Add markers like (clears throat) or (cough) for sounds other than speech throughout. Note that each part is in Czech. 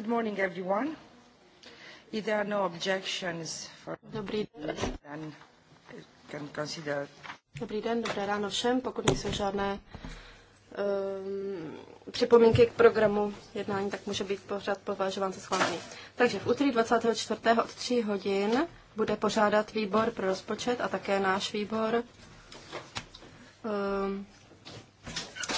Good morning, everyone. If there are no objections for... Dobrý den. Can consider... Dobrý den, dobré ráno všem. Pokud nejsou žádné um, připomínky k programu jednání, tak může být pořád považován za schválený. Takže v úterý 24. od 3 hodin bude pořádat výbor pro rozpočet a také náš výbor um,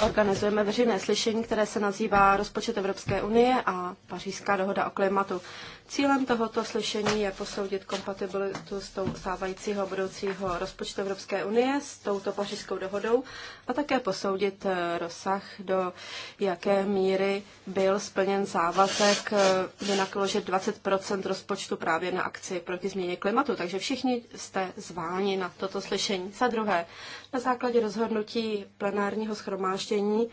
organizujeme veřejné slyšení, které se nazývá Rozpočet Evropské unie a Pařížská dohoda o klimatu. Cílem tohoto slyšení je posoudit kompatibilitu s tou stávajícího budoucího rozpočtu Evropské unie s touto pařížskou dohodou a také posoudit eh, rozsah, do jaké míry byl splněn závazek eh, vynakložit 20 rozpočtu právě na akci proti změně klimatu. Takže všichni jste zváni na toto slyšení. Za druhé, na základě rozhodnutí plenárního schromáždění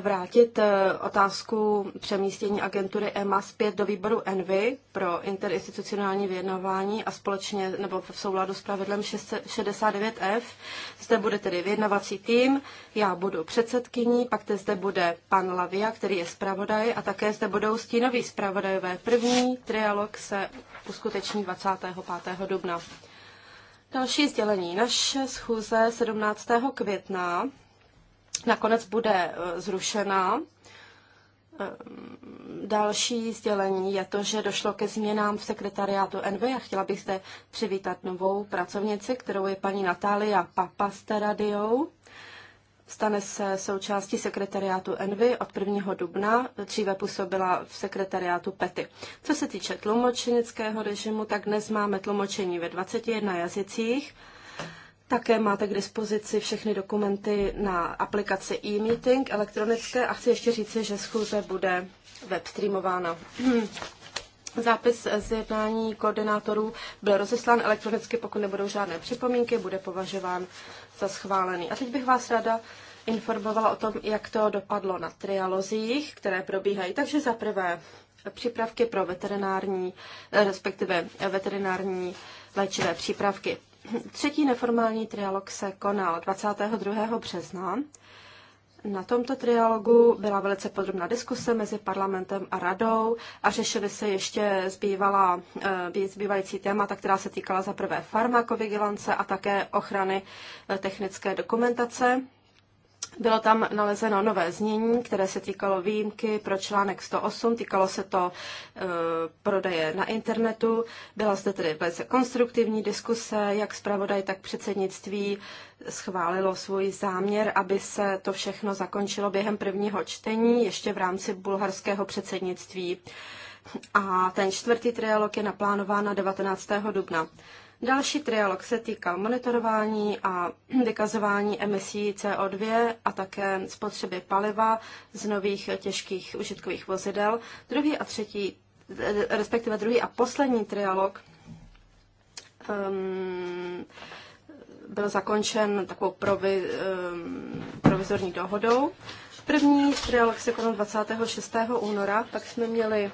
vrátit eh, otázku přemístění agentury EMA zpět do výboru ENVY pro interinstitucionální vyjednávání a společně nebo v souladu s pravidlem 69F. Zde bude tedy vyjednavací tým, já budu předsedkyní, pak zde bude pan Lavia, který je zpravodaj a také zde budou stínoví zpravodajové. První trialog se uskuteční 25. dubna. Další sdělení. Naše schůze 17. května nakonec bude eh, zrušena. Ehm, další sdělení je to, že došlo ke změnám v sekretariátu NV a chtěla bych zde přivítat novou pracovnici, kterou je paní Natália Papasteradiou. Stane se součástí sekretariátu NV od 1. dubna, dříve působila v sekretariátu PETY. Co se týče tlumočenického režimu, tak dnes máme tlumočení ve 21 jazycích také máte k dispozici všechny dokumenty na aplikaci e-meeting elektronické a chci ještě říci, že schůze bude webstreamována. (clears throat) Zápis z jednání koordinátorů byl rozeslán elektronicky, pokud nebudou žádné připomínky, bude považován za schválený. A teď bych vás rada informovala o tom, jak to dopadlo na trialozích, které probíhají. Takže za prvé přípravky pro veterinární, eh, respektive veterinární léčivé přípravky. Třetí neformální trialog se konal 22. března. Na tomto trialogu byla velice podrobná diskuse mezi parlamentem a radou a řešily se ještě zbývala, eh, zbývající témata, která se týkala za prvé farmakovigilance a také ochrany eh, technické dokumentace. Bylo tam nalezeno nové znění, které se týkalo výjimky pro článek 108, týkalo se to e, prodeje na internetu. Byla zde tedy velice konstruktivní diskuse, jak zpravodaj, tak předsednictví schválilo svůj záměr, aby se to všechno zakončilo během prvního čtení, ještě v rámci bulharského předsednictví. A ten čtvrtý trialog je naplánován na 19. dubna. Další trialog se týkal monitorování a (clears throat) vykazování emisí CO2 a také spotřeby paliva z nových těžkých užitkových vozidel. Druhý a třetí, eh, respektive druhý a poslední trialog um, byl zakončen takovou provi, um, provizorní dohodou. První trialog se konal 26. února, pak jsme měli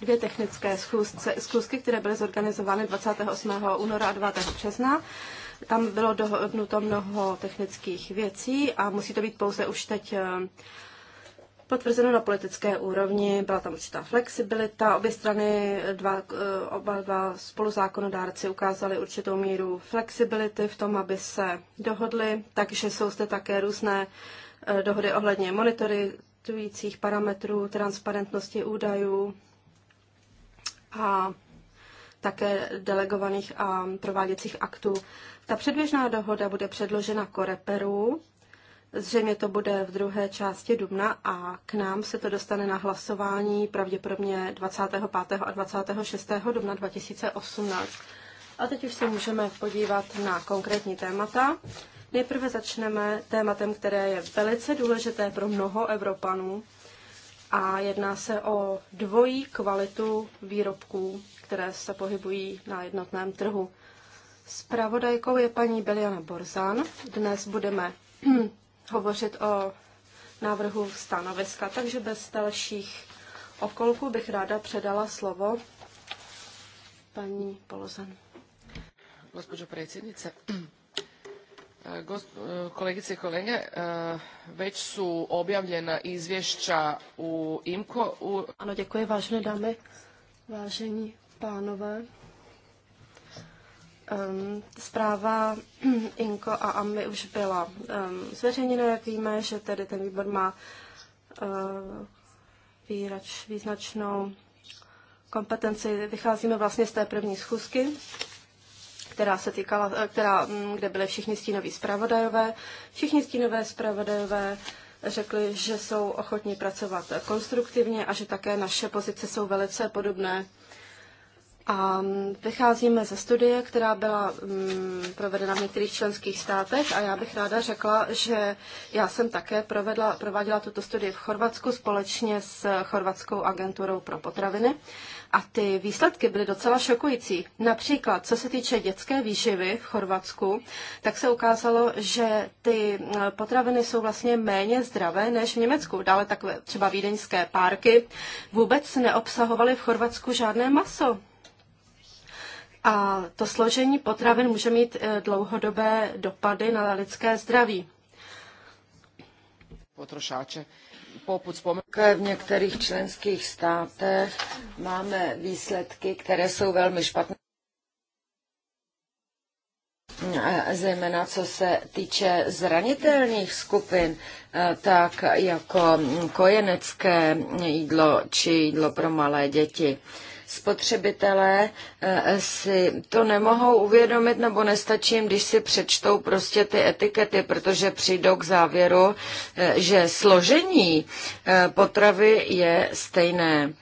dvě technické schůzce, schůzky, které byly zorganizovány 28. února a 2. března. Tam bylo dohodnuto mnoho technických věcí a musí to být pouze už teď eh, potvrzeno na politické úrovni. Byla tam určitá flexibilita. Obě strany, dva, eh, oba dva spoluzákonodárci ukázali určitou míru flexibility v tom, aby se dohodli, takže jsou zde také různé eh, dohody ohledně monitory parametrů, transparentnosti údajů, a také delegovaných a prováděcích aktů. Ta předběžná dohoda bude předložena Koreperu, zřejmě to bude v druhé části dubna a k nám se to dostane na hlasování pravděpodobně 25. a 26. dubna 2018. A teď už se můžeme podívat na konkrétní témata. Nejprve začneme tématem, které je velice důležité pro mnoho Evropanů, a jedná se o dvojí kvalitu výrobků, které se pohybují na jednotném trhu. Spravodajkou je paní Beliana Borzan. Dnes budeme (clears throat) hovořit o návrhu stanoviska, takže bez dalších okolků bych ráda předala slovo paní Polozan. Gospodžo predsjednice, (clears throat) Kolegice i kolege, eh, već su objavljena izvješća u IMCO. U... Ano, děkuji, vážné, dámy, vážení pánové. Um, zpráva (clears throat) INKO a AMI už byla um, zveřejněna, jak víme, že tedy ten výbor má uh, výrač, význačnou kompetenci. Vycházíme vlastně z té první schůzky která se týkala, eh, která, mm, kde byly všichni stínoví zpravodajové. Všichni stínové zpravodajové řekli, že jsou ochotní pracovat konstruktivně a že také naše pozice jsou velice podobné. A vycházíme ze studie, která byla um, provedena v některých členských státech a já bych ráda řekla, že já jsem také provedla, prováděla tuto studii v Chorvatsku společně s Chorvatskou agenturou pro potraviny. A ty výsledky byly docela šokující. Například, co se týče dětské výživy v Chorvatsku, tak se ukázalo, že ty eh, potraviny jsou vlastně méně zdravé než v Německu. Dále takové třeba vídeňské párky vůbec neobsahovaly v Chorvatsku žádné maso. A to složení potravin může mít eh, dlouhodobé dopady na lidské zdraví. Potrošáče. v některých členských státech máme výsledky, které jsou velmi špatné zejména co se týče zranitelných skupin, eh, tak jako kojenecké jídlo či jídlo pro malé děti spotřebitelé eh, si to nemohou uvědomit nebo nestačí jim, když si přečtou prostě ty etikety, protože přijdou k závěru, eh, že složení eh, potravy je stejné.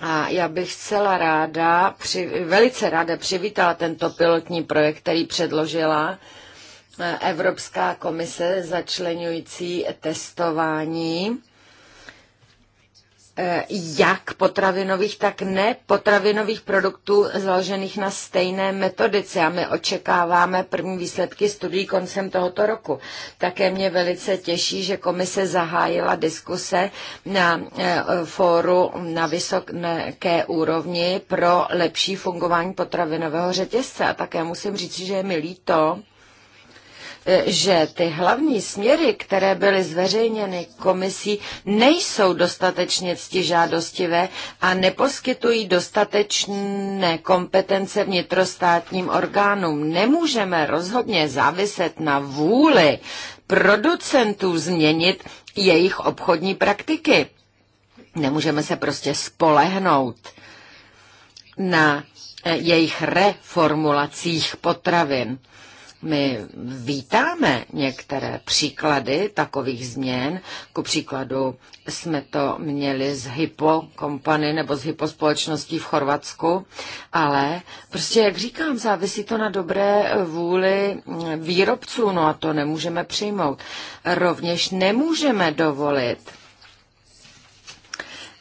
A já bych celá ráda, při, velice ráda přivítala tento pilotní projekt, který předložila Evropská komise začlenující testování Eh, jak potravinových, tak nepotravinových produktů založených na stejné metodice a my očekáváme první výsledky studií koncem tohoto roku. Také mě velice těší, že komise zahájila diskuse na eh, fóru na vysoké úrovni pro lepší fungování potravinového řetězce a také musím říct, že je mi líto, že ty hlavní směry, které byly zveřejněny komisí, nejsou dostatečně ctižádostivé a neposkytují dostatečné kompetence vnitrostátním orgánům. Nemůžeme rozhodně záviset na vůli producentů změnit jejich obchodní praktiky. Nemůžeme se prostě spolehnout na eh, jejich reformulacích potravin. My vítáme některé příklady takových změn. Ku příkladu jsme to měli z hypo kompany nebo z hypo společností v Chorvatsku, ale prostě, jak říkám, závisí to na dobré vůli výrobců, no a to nemůžeme přijmout. Rovněž nemůžeme dovolit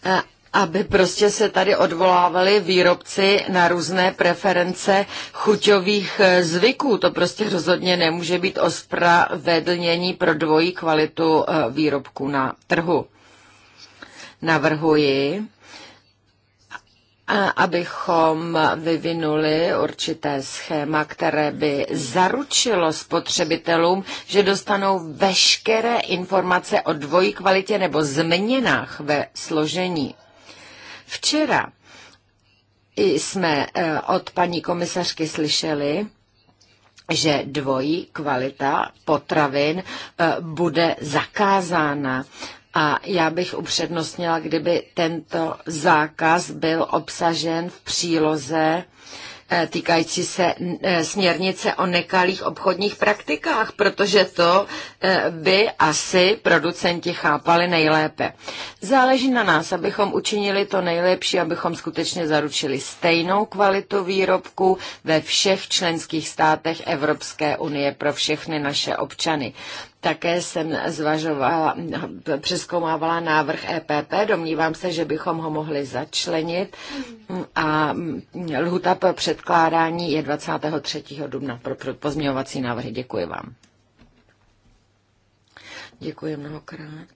eh, aby prostě se tady odvolávali výrobci na různé preference chuťových eh, zvyků. To prostě rozhodně nemůže být ospravedlnění pro dvojí kvalitu eh, výrobku na trhu. Navrhuji, abychom vyvinuli určité schéma, které by zaručilo spotřebitelům, že dostanou veškeré informace o dvojí kvalitě nebo změnách ve složení. Včera jsme eh, od paní komisařky slyšeli, že dvojí kvalita potravin eh, bude zakázána. A já bych upřednostnila, kdyby tento zákaz byl obsažen v příloze Eh, týkající se eh, směrnice o nekalých obchodních praktikách, protože to eh, by asi producenti chápali nejlépe. Záleží na nás, abychom učinili to nejlepší, abychom skutečně zaručili stejnou kvalitu výrobku ve všech členských státech Evropské unie pro všechny naše občany. Také jsem zvažovala, přeskoumávala návrh EPP. Domnívám se, že bychom ho mohli začlenit. A lhuta pro předkládání je 23. dubna pro, pozměňovací návrhy. Děkuji vám. Děkuji mnohokrát.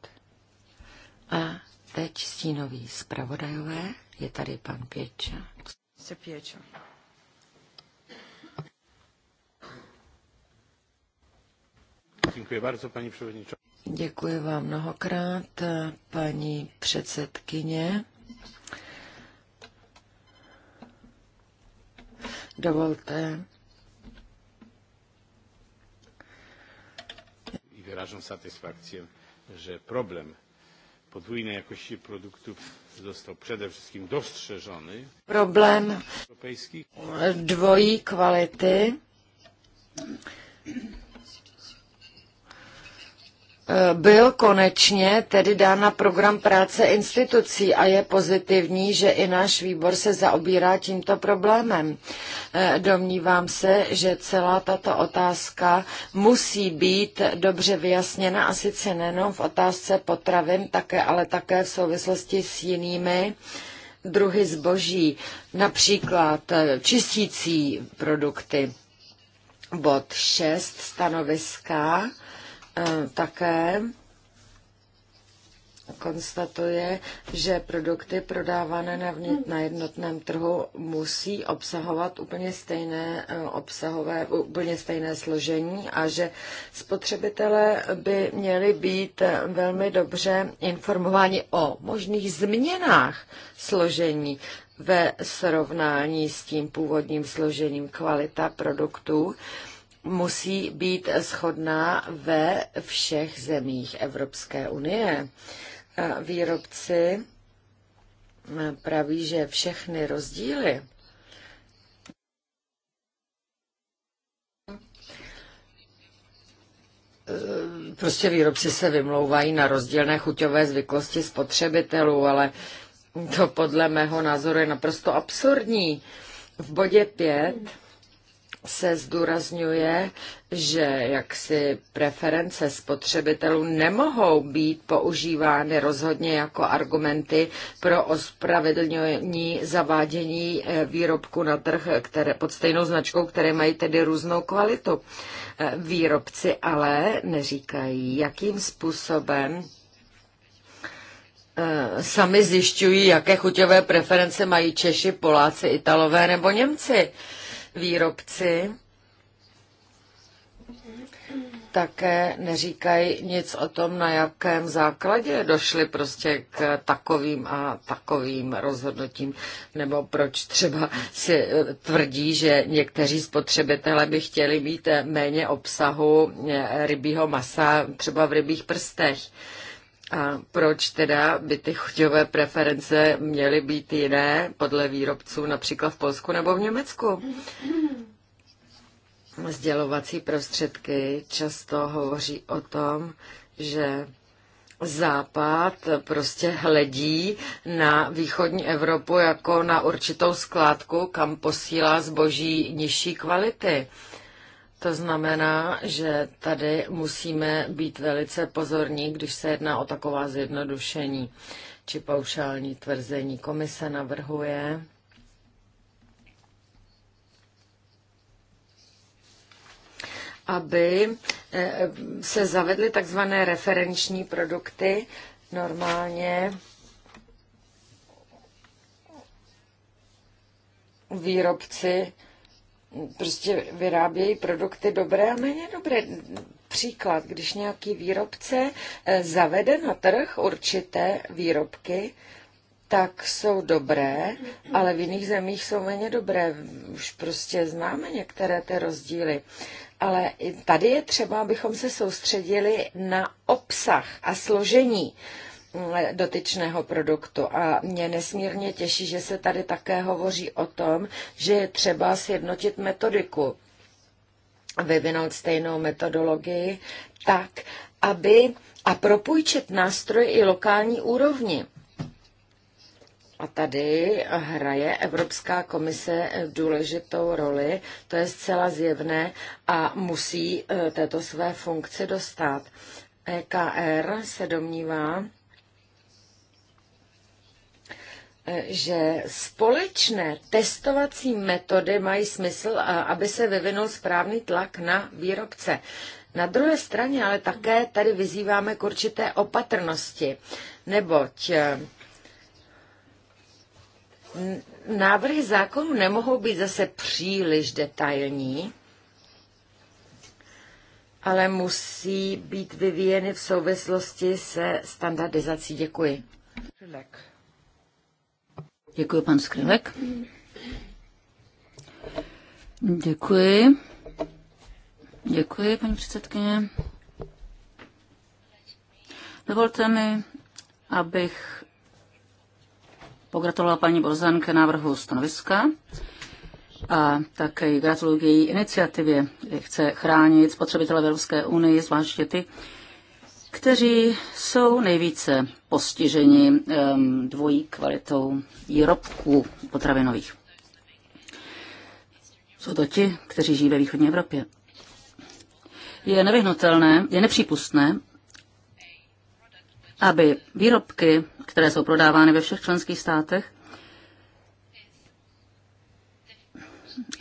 A teď stínový zpravodajové. Je tady pan Pěča. Se Pěča. Děkuji bardzo, paní předsedničko. Děkuji vám mnohokrát, paní předsedkyně. Dovolte. I wyrażam satysfakcję, że problem podwójnej jakości produktów został przede wszystkim dostrzeżony. Problem dwojí kvality Eh, byl konečně tedy dán na program práce institucí a je pozitivní, že i náš výbor se zaobírá tímto problémem. Eh, domnívám se, že celá tato otázka musí být dobře vyjasněna a sice nejenom v otázce potravin, také, ale také v souvislosti s jinými druhy zboží, například eh, čistící produkty. Bod 6 stanoviska E, také konstatuje, že produkty prodávané na, vnit, na jednotném trhu musí obsahovat úplně stejné e, obsahové, úplně stejné složení a že spotřebitelé by měli být e, velmi dobře informováni o možných změnách složení ve srovnání s tím původním složením kvalita produktů musí být shodná ve všech zemích Evropské unie. Výrobci eh, praví, že všechny rozdíly eh, prostě výrobci se vymlouvají na rozdílné chuťové zvyklosti spotřebitelů, ale to podle mého názoru je naprosto absurdní. V bodě 5 se zdůrazňuje, že jaksi preference spotřebitelů nemohou být používány rozhodně jako argumenty pro ospravedlnění zavádění eh, výrobku na trh které, pod stejnou značkou, které mají tedy různou kvalitu. Eh, výrobci ale neříkají, jakým způsobem eh, sami zjišťují, jaké chuťové preference mají Češi, Poláci, Italové nebo Němci výrobci také neříkají nic o tom, na jakém základě došli prostě k takovým a takovým rozhodnutím, nebo proč třeba si eh, tvrdí, že někteří spotřebitelé by chtěli mít eh, méně obsahu eh, rybího masa třeba v rybích prstech. A proč teda by ty chuťové preference měly být jiné podle výrobců například v Polsku nebo v Německu? Sdělovací prostředky často hovoří o tom, že Západ prostě hledí na východní Evropu jako na určitou skládku, kam posílá zboží nižší kvality. To znamená, že tady musíme být velice pozorní, když se jedná o taková zjednodušení či paušální tvrzení. Komise navrhuje, aby eh, se zavedly takzvané referenční produkty. Normálně výrobci prostě vyrábějí produkty dobré a méně dobré. Příklad, když nějaký výrobce eh, zavede na trh určité výrobky, tak jsou dobré, ale v jiných zemích jsou méně dobré. Už prostě známe některé ty rozdíly. Ale tady je třeba, abychom se soustředili na obsah a složení dotyčného produktu. A mě nesmírně těší, že se tady také hovoří o tom, že je třeba sjednotit metodiku, vyvinout stejnou metodologii tak, aby a propůjčit nástroj i lokální úrovni. A tady hraje Evropská komise důležitou roli, to je zcela zjevné a musí eh, této své funkci dostat. EKR se domnívá, že společné testovací metody mají smysl, aby se vyvinul správný tlak na výrobce. Na druhé straně ale také tady vyzýváme k určité opatrnosti, neboť e, návrhy zákonů nemohou být zase příliš detailní, ale musí být vyvíjeny v souvislosti se standardizací. Děkuji. Relax. Děkuji, pan Skrilek. Děkuji. Děkuji, paní předsedkyně. Dovolte mi, abych pogratulovala paní Bolzan k návrhu stanoviska a také gratuluji její iniciativě, kdy chce chránit spotřebitele Evropské unii, zvláště ty, kteří jsou nejvíce postiženi dvojí kvalitou výrobků potravinových. Jsou to ti, kteří žijí ve východní Evropě. Je nevyhnutelné, je nepřípustné, aby výrobky, které jsou prodávány ve všech členských státech,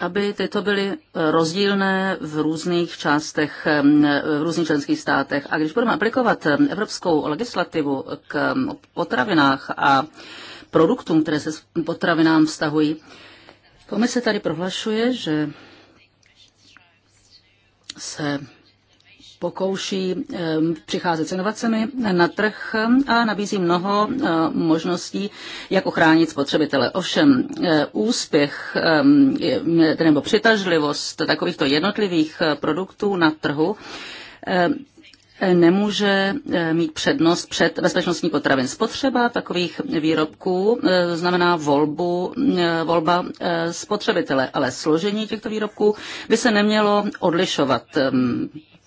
aby tyto byly eh, rozdílné v různých částech, eh, v různých členských státech. A když budeme aplikovat evropskou legislativu k potravinách a produktům, které se potravinám vztahují, komise tady prohlašuje, že se pokouší přicházet s inovacemi na trh a nabízí mnoho eh, možností, jak ochránit spotřebitele. Ovšem eh, úspěch nebo přitažlivost takovýchto jednotlivých eh, produktů na trhu nemůže mít přednost před bezpečnostní potravin. Spotřeba takových výrobků znamená volbu, volba spotřebitele, ale složení těchto výrobků by se nemělo odlišovat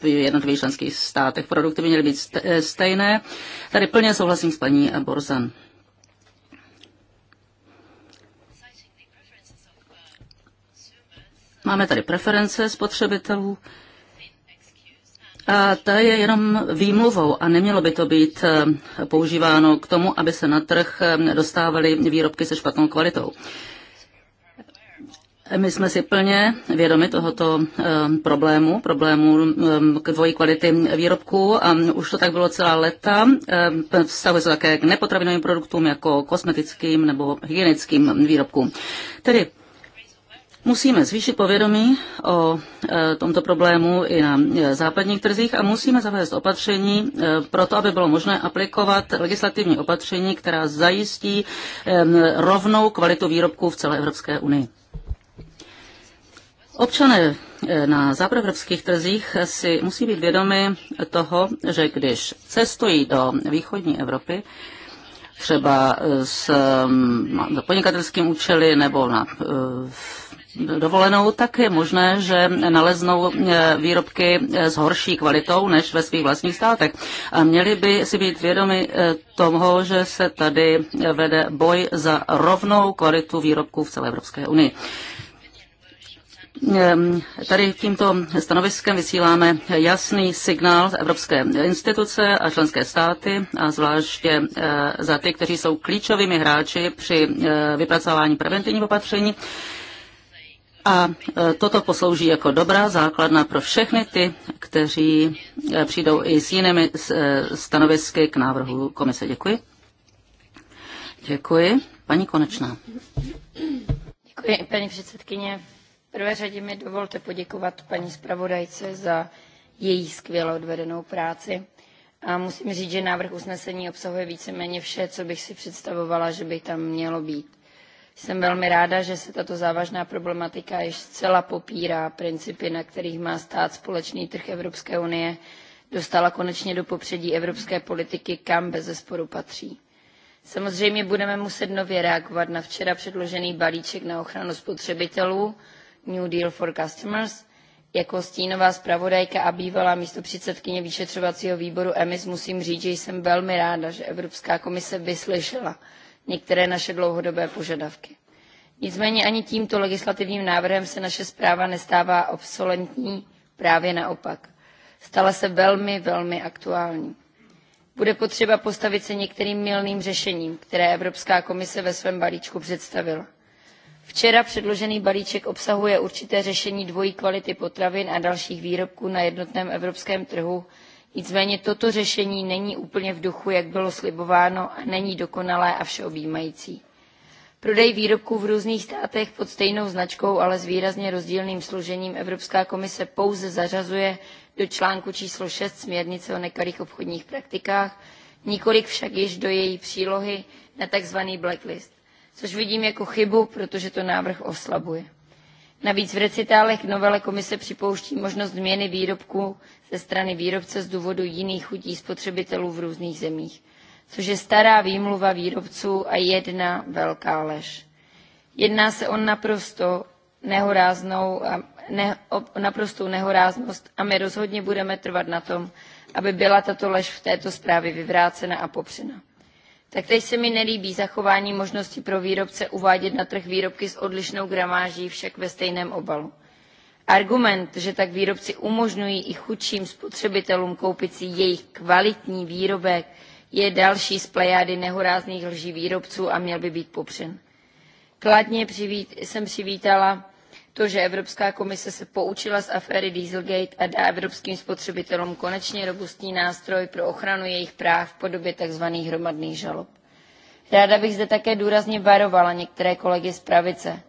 v jednotlivých členských státech. Produkty by měly být eh, stejné. Tady plně souhlasím s paní Borzan. Máme tady preference spotřebitelů. A ta je jenom výmluvou a nemělo by to být eh, používáno k tomu, aby se na trh eh, dostávaly výrobky se špatnou kvalitou. My jsme si plně vědomi tohoto eh, problému, problému eh, dvojí kvality výrobků. A už to tak bylo celá léta. Eh, Vstavuje se také k nepotravinovým produktům jako kosmetickým nebo hygienickým výrobkům. Tedy Musíme zvýšit povědomí o tomto problému i na západních trzích a musíme zavést opatření pro to, aby bylo možné aplikovat legislativní opatření, která zajistí rovnou kvalitu výrobků v celé Evropské unii. Občané eh, na západoevropských trzích si musí být vědomi toho, že když cestují do východní Evropy, třeba eh, s mm, podnikatelským účely nebo na eh, dovolenou, tak je možné, že naleznou výrobky s horší kvalitou než ve svých vlastních státech. A měli by si být vědomi toho, že se tady vede boj za rovnou kvalitu výrobků v celé Evropské unii. Ehm, tady tímto stanoviskem vysíláme jasný signál z Evropské instituce a členské státy a zvláště eh, za ty, kteří jsou klíčovými hráči při eh, vypracování preventivních opatření. A eh, toto poslouží jako dobrá základna pro všechny ty, kteří přijdou i s jinými stanovisky k návrhu komise. Děkuji. Děkuji. Paní Konečná. Děkuji, paní předsedkyně. V prvé řadě mi dovolte poděkovat paní zpravodajce za její skvěle odvedenou práci. A musím říct, že návrh usnesení obsahuje víceméně vše, co bych si představovala, že by tam mělo být. Jsem velmi ráda, že se tato závažná problematika již zcela popírá principy, na kterých má stát společný trh Evropské unie, dostala konečně do popředí evropské politiky, kam bez zesporu patří. Samozřejmě budeme muset nově reagovat na včera předložený balíček na ochranu spotřebitelů, New Deal for Customers. Jako stínová zpravodajka a bývalá místopředsedkyně vyšetřovacího výboru EMIS musím říct, že jsem velmi ráda, že Evropská komise vyslyšela některé naše dlouhodobé požadavky. Nicméně ani tímto legislativním návrhem se naše zpráva nestává obsolentní, právě naopak. Stala se velmi, velmi aktuální. Bude potřeba postavit se některým milným řešením, které Evropská komise ve svém balíčku představila včera předložený balíček obsahuje určité řešení dvojí kvality potravin a dalších výrobků na jednotném evropském trhu nicméně toto řešení není úplně v duchu jak bylo slibováno a není dokonalé a všeobjímající. prodej výrobků v různých státech pod stejnou značkou ale s výrazně rozdílným složením evropská komise pouze zařazuje do článku číslo six směrnice o nekalých obchodních praktikách nikoliv však již do její přílohy na tzv. blacklist což vidím jako chybu, protože to návrh oslabuje. Navíc v recitálech k novele komise připouští možnost změny výrobku ze strany výrobce z důvodu jiných chutí spotřebitelů v různých zemích, což je stará výmluva výrobců a jedna velká lež. Jedná se o naprosto nehoráznou a ne, o naprostou nehoráznost a my rozhodně budeme trvat na tom, aby byla tato lež v této zprávě vyvrácena a popřena. Taktéž se mi nelíbí zachování možnosti pro výrobce uvádět na trh výrobky s odlišnou gramáží však ve stejném obalu. Argument, že tak výrobci umožňují i chudším spotřebitelům koupit si jejich kvalitní výrobek, je další z plejády nehorázných lží výrobců a měl by být popřen. Kladně přivít, jsem přivítala to, že Evropská komise se poučila z aféry Dieselgate a dá evropským spotřebitelům konečně robustní nástroj pro ochranu jejich práv v podobě tzv. hromadných žalob. Ráda bych zde také důrazně varovala některé kolegy z pravice.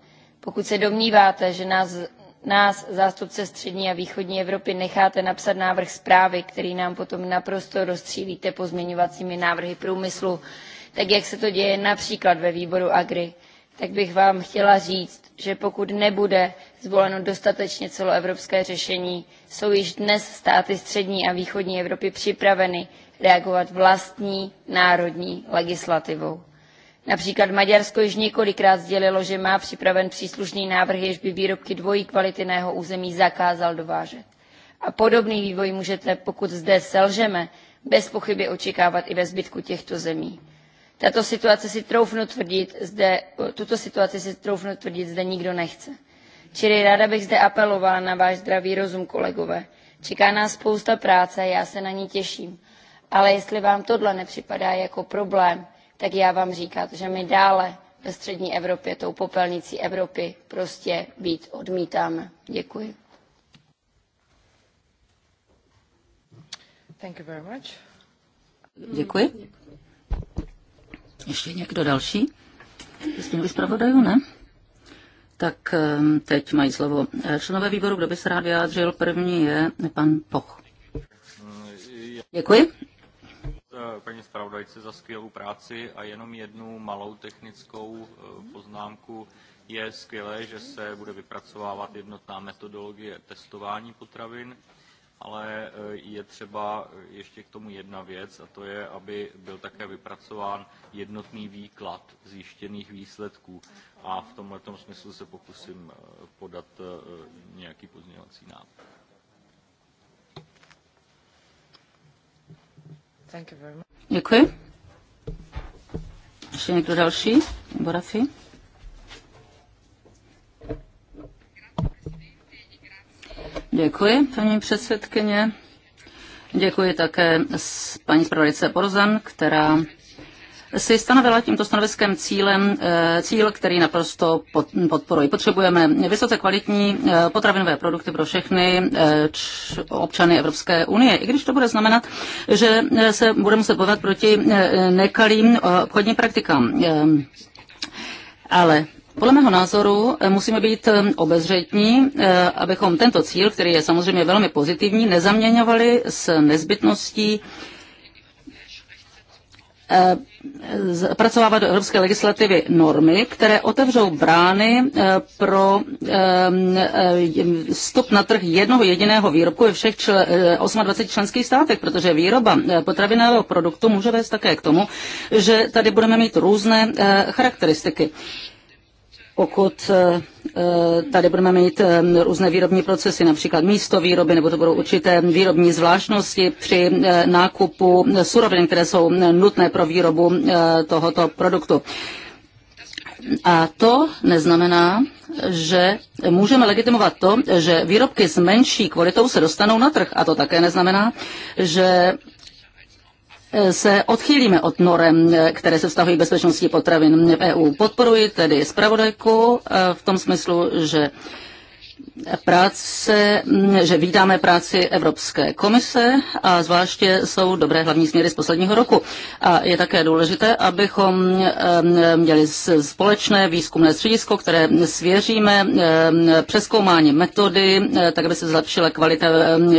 Pokud se domníváte, že nás, nás zástupce střední a východní Evropy, necháte napsat návrh zprávy, který nám potom naprosto rozstřílíte pozměňovacími návrhy průmyslu, tak jak se to děje například ve výboru Agri, tak bych vám chtěla říct že pokud nebude zvoleno dostatečně celoevropské řešení jsou již dnes státy střední a východní evropy připraveny reagovat vlastní národní legislativou. Například Maďarsko již několikrát sdělilo, že má připraven příslušný návrh, jež by výrobky dvojí jeho území zakázal dovážet. A podobný vývoj můžete, pokud zde selžeme, bez pochyby očekávat i ve zbytku těchto zemí tuto situaci si troufnu tvrdit zde nikdo nechce. Čili ráda bych zde apelovala na váš zdravý rozum, kolegové. Čeká nás spousta práce, já se na ni těším. Ale jestli vám tohle nepřipadá jako problém, tak já vám říkám, že my dále ve střední Evropě, tou popelnicí Evropy, prostě být odmítáme. Děkuji. Děkuji. Ještě někdo další? Stínový zpravodajů, ne? Tak ehm, teď mají slovo eh, členové výboru, kdo by se rád vyjádřil. První je pan Poch. Děkuji. Paní zpravodajce za skvělou práci a jenom jednu malou technickou eh, poznámku. Je skvělé, že se bude vypracovávat jednotná metodologie testování potravin ale eh, je třeba eh, ještě k tomu jedna věc, a to je, aby byl také vypracován jednotný výklad zjištěných výsledků. A v tomhle smyslu se pokusím eh, podat nějaký pozměňovací návrh. Děkuji. Ještě někdo další? Borafi? Děkuji, paní předsedkyně. Děkuji také s paní zpravodajce Porzan, která si stanovila tímto stanoviskem cílem, eh, cíl, který naprosto podporuji. Potřebujeme vysoce kvalitní eh, potravinové produkty pro všechny eh, občany Evropské unie, i když to bude znamenat, že se budeme muset bojovat proti nekalým obchodním praktikám. Ale podle mého názoru eh, musíme být eh, obezřetní, eh, abychom tento cíl, který je samozřejmě velmi pozitivní, nezaměňovali s nezbytností zpracovávat do evropské legislativy normy, které otevřou brány pro vstup na trh jednoho jediného výrobku ve všech 28 členských státech, protože výroba potravinového produktu může vést také k tomu, že tady budeme mít různé charakteristiky pokud eh, eh, tady budeme mít eh, různé výrobní procesy, například místo výroby, nebo to budou určité výrobní zvláštnosti při nákupu surovin, které jsou nutné pro výrobu tohoto produktu. A to neznamená, že můžeme legitimovat to, že výrobky s menší kvalitou se dostanou na trh. A to také neznamená, že se odchýlíme od norem, které se vztahují k bezpečnosti potravin v EU. Podporuji tedy zpravodajku eh, v tom smyslu, že práce, mm, že vítáme práci Evropské komise a zvláště jsou dobré hlavní směry z posledního roku. A je také důležité, abychom mm, měli společné výzkumné středisko, které svěříme mm, přeskoumání metody, tak aby se zlepšila kvalita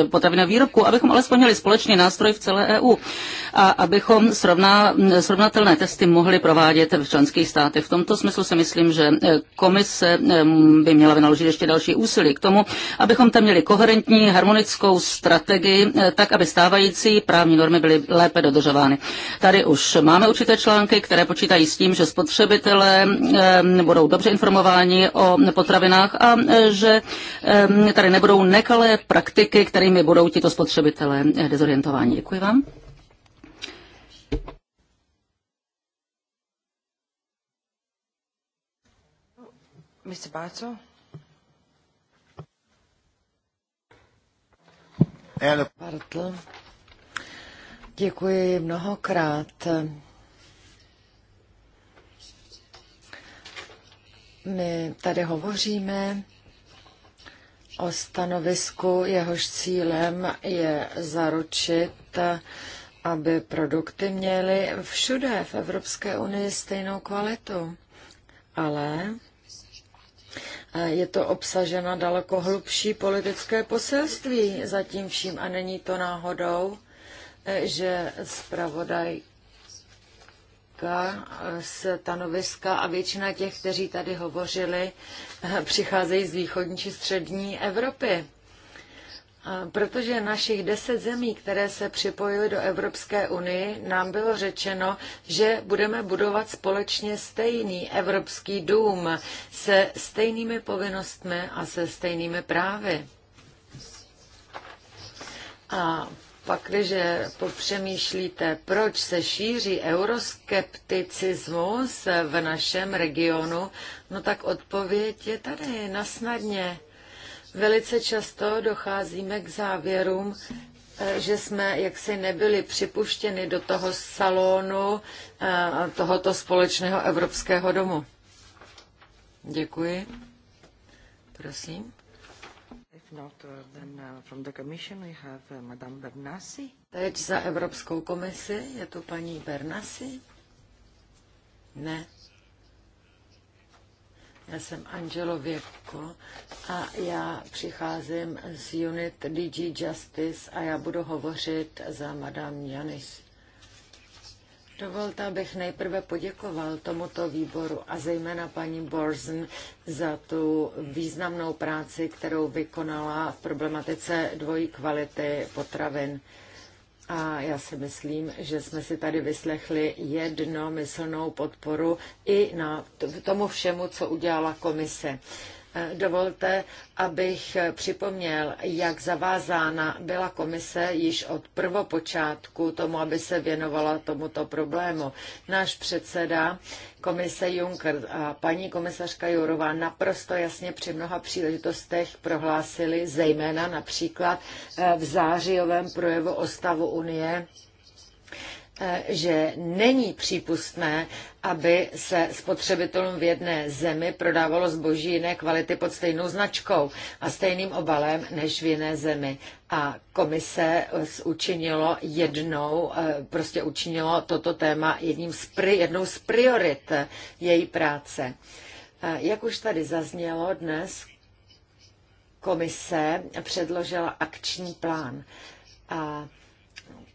potravinového výrobku, abychom alespoň měli společný nástroj v celé EU a abychom srovna, srovnatelné testy mohli provádět v členských státech. V tomto smyslu si myslím, že komise by měla vynaložit ještě další úsilí úsilí k tomu, abychom tam měli koherentní harmonickou strategii, eh, tak aby stávající právní normy byly lépe dodržovány. Tady už máme určité články, které počítají s tím, že spotřebitelé eh, budou dobře informováni o potravinách a eh, že tady nebudou nekalé praktiky, kterými budou tito spotřebitelé dezorientováni. Děkuji vám. Mr. Balco? Bartl. Děkuji mnohokrát. My tady hovoříme o stanovisku, jehož cílem je zaručit, aby produkty měly všude v Evropské unii stejnou kvalitu. Ale je to obsaženo daleko hlubší politické poselství za tím vším a není to náhodou, eh, že zpravodajka eh, stanoviska a většina těch, kteří tady hovořili, eh, přicházejí z východní či střední Evropy. Protože našich deset zemí, které se připojily do Evropské unii, nám bylo řečeno, že budeme budovat společně stejný evropský dům se stejnými povinnostmi a se stejnými právy. A pak, když popřemýšlíte, proč se šíří euroskepticismus v našem regionu, no tak odpověď je tady nasnadně. snadně Velice často docházíme k závěrům, eh, že jsme jaksi nebyli připuštěni do toho salonu eh, tohoto společného evropského domu. Děkuji. Prosím. Uh, uh, uh, Teď za Evropskou komisi je tu paní Bernasi. Ne, já jsem Angelo Věvko a já přicházím z Unit DG Justice a já budu hovořit za Madame Janis. Dovolte, abych nejprve poděkoval tomuto výboru a zejména paní Borzen za tu významnou práci, kterou vykonala v problematice dvojí kvality potravin. A já si myslím, že jsme si tady vyslechli jednomyslnou podporu i na tomu všemu, co udělala komise. E, dovolte, abych připomněl, jak zavázána byla komise již od prvopočátku tomu, aby se věnovala tomuto problému. Náš předseda komise Juncker a paní komisařka Jourová naprosto jasně při mnoha příležitostech prohlásili, zejména například eh, v zářijovém projevu o stavu Unie, Eh, že není přípustné, aby se spotřebitelům v jedné zemi prodávalo zboží jiné kvality pod stejnou značkou a stejným obalem než v jiné zemi. A komise učinilo jednou, eh, prostě učinilo toto téma jedním z pri, jednou z priorit její práce. Eh, jak už tady zaznělo dnes, komise předložila akční plán. A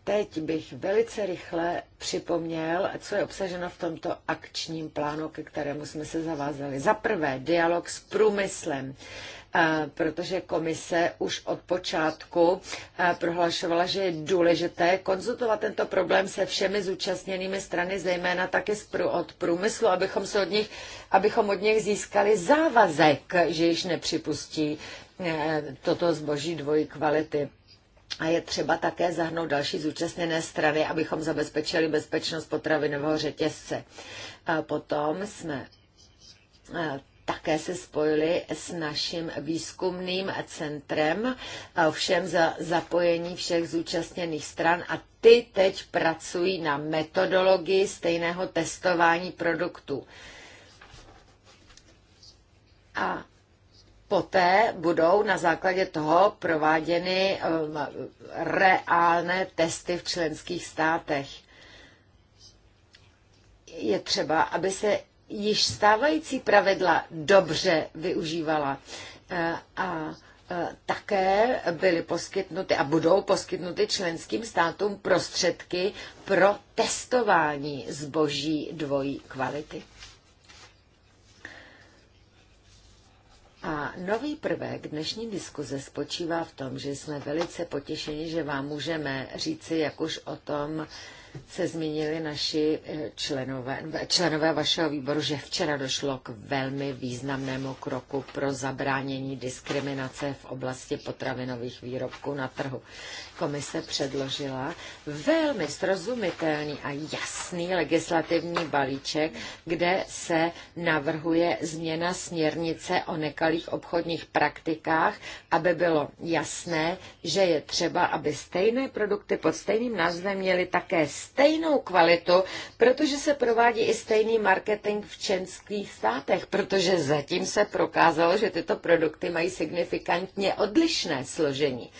teď bych velice rychle připomněl, co je obsaženo v tomto akčním plánu, ke kterému jsme se zavázali. Za prvé, dialog s průmyslem, eh, protože komise už od počátku eh, prohlašovala, že je důležité konzultovat tento problém se všemi zúčastněnými strany, zejména také od průmyslu, abychom, se od nich, abychom od nich získali závazek, že již nepřipustí eh, toto zboží dvojí kvality. A je třeba také zahrnout další zúčastněné strany, abychom zabezpečili bezpečnost potravinového řetězce. A potom jsme také se spojili s naším výzkumným centrem, všem za zapojení všech zúčastněných stran a ty teď pracují na metodologii stejného testování produktů. A poté budou na základě toho prováděny um, reálné testy v členských státech. Je třeba, aby se již stávající pravidla dobře využívala eh, a eh, také byly poskytnuty a budou poskytnuty členským státům prostředky pro testování zboží dvojí kvality. A nový prvek dnešní diskuze spočívá v tom, že jsme velice potěšeni, že vám můžeme říci, jak už o tom se zmínili naši eh, členové, členové vašeho výboru, že včera došlo k velmi významnému kroku pro zabránění diskriminace v oblasti potravinových výrobků na trhu. Komise předložila velmi srozumitelný a jasný legislativní balíček, kde se navrhuje změna směrnice o nekalých obchodních praktikách, aby bylo jasné, že je třeba, aby stejné produkty pod stejným názvem měly také stejnou kvalitu, protože se provádí i stejný marketing v členských státech, protože zatím se prokázalo, že tyto produkty mají signifikantně odlišné složení.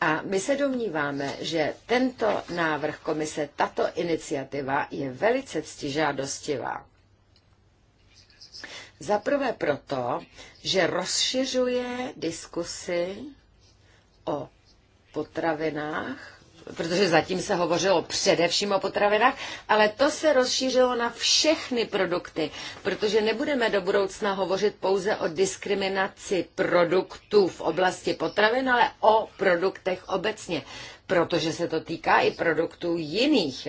A my se domníváme, že tento návrh komise, tato iniciativa je velice ctižádostivá. Za prvé proto, že rozšiřuje diskusy o potravinách protože zatím se hovořilo především o potravinách, ale to se rozšířilo na všechny produkty, protože nebudeme do budoucna hovořit pouze o diskriminaci produktů v oblasti potravin, ale o produktech obecně, protože se to týká i produktů jiných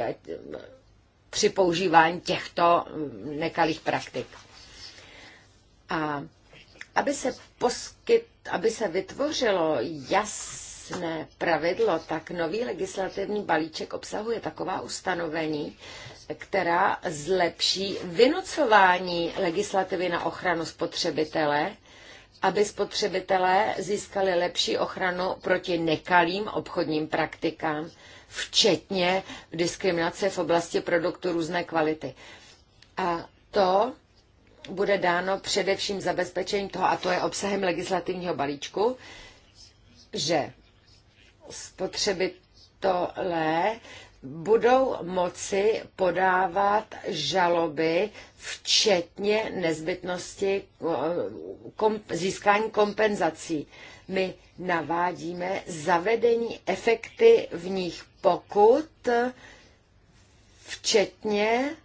při používání těchto nekalých praktik. A aby se poskyt, aby se vytvořilo jasné obecné pravidlo, tak nový legislativní balíček obsahuje taková ustanovení, která zlepší vynucování legislativy na ochranu spotřebitele, aby spotřebitelé získali lepší ochranu proti nekalým obchodním praktikám, včetně diskriminace v oblasti produktů různé kvality. A to bude dáno především zabezpečením toho, a to je obsahem legislativního balíčku, že spotřebitelé budou moci podávat žaloby, včetně nezbytnosti eh, získání kompenzací. My navádíme zavedení efektivních pokut, včetně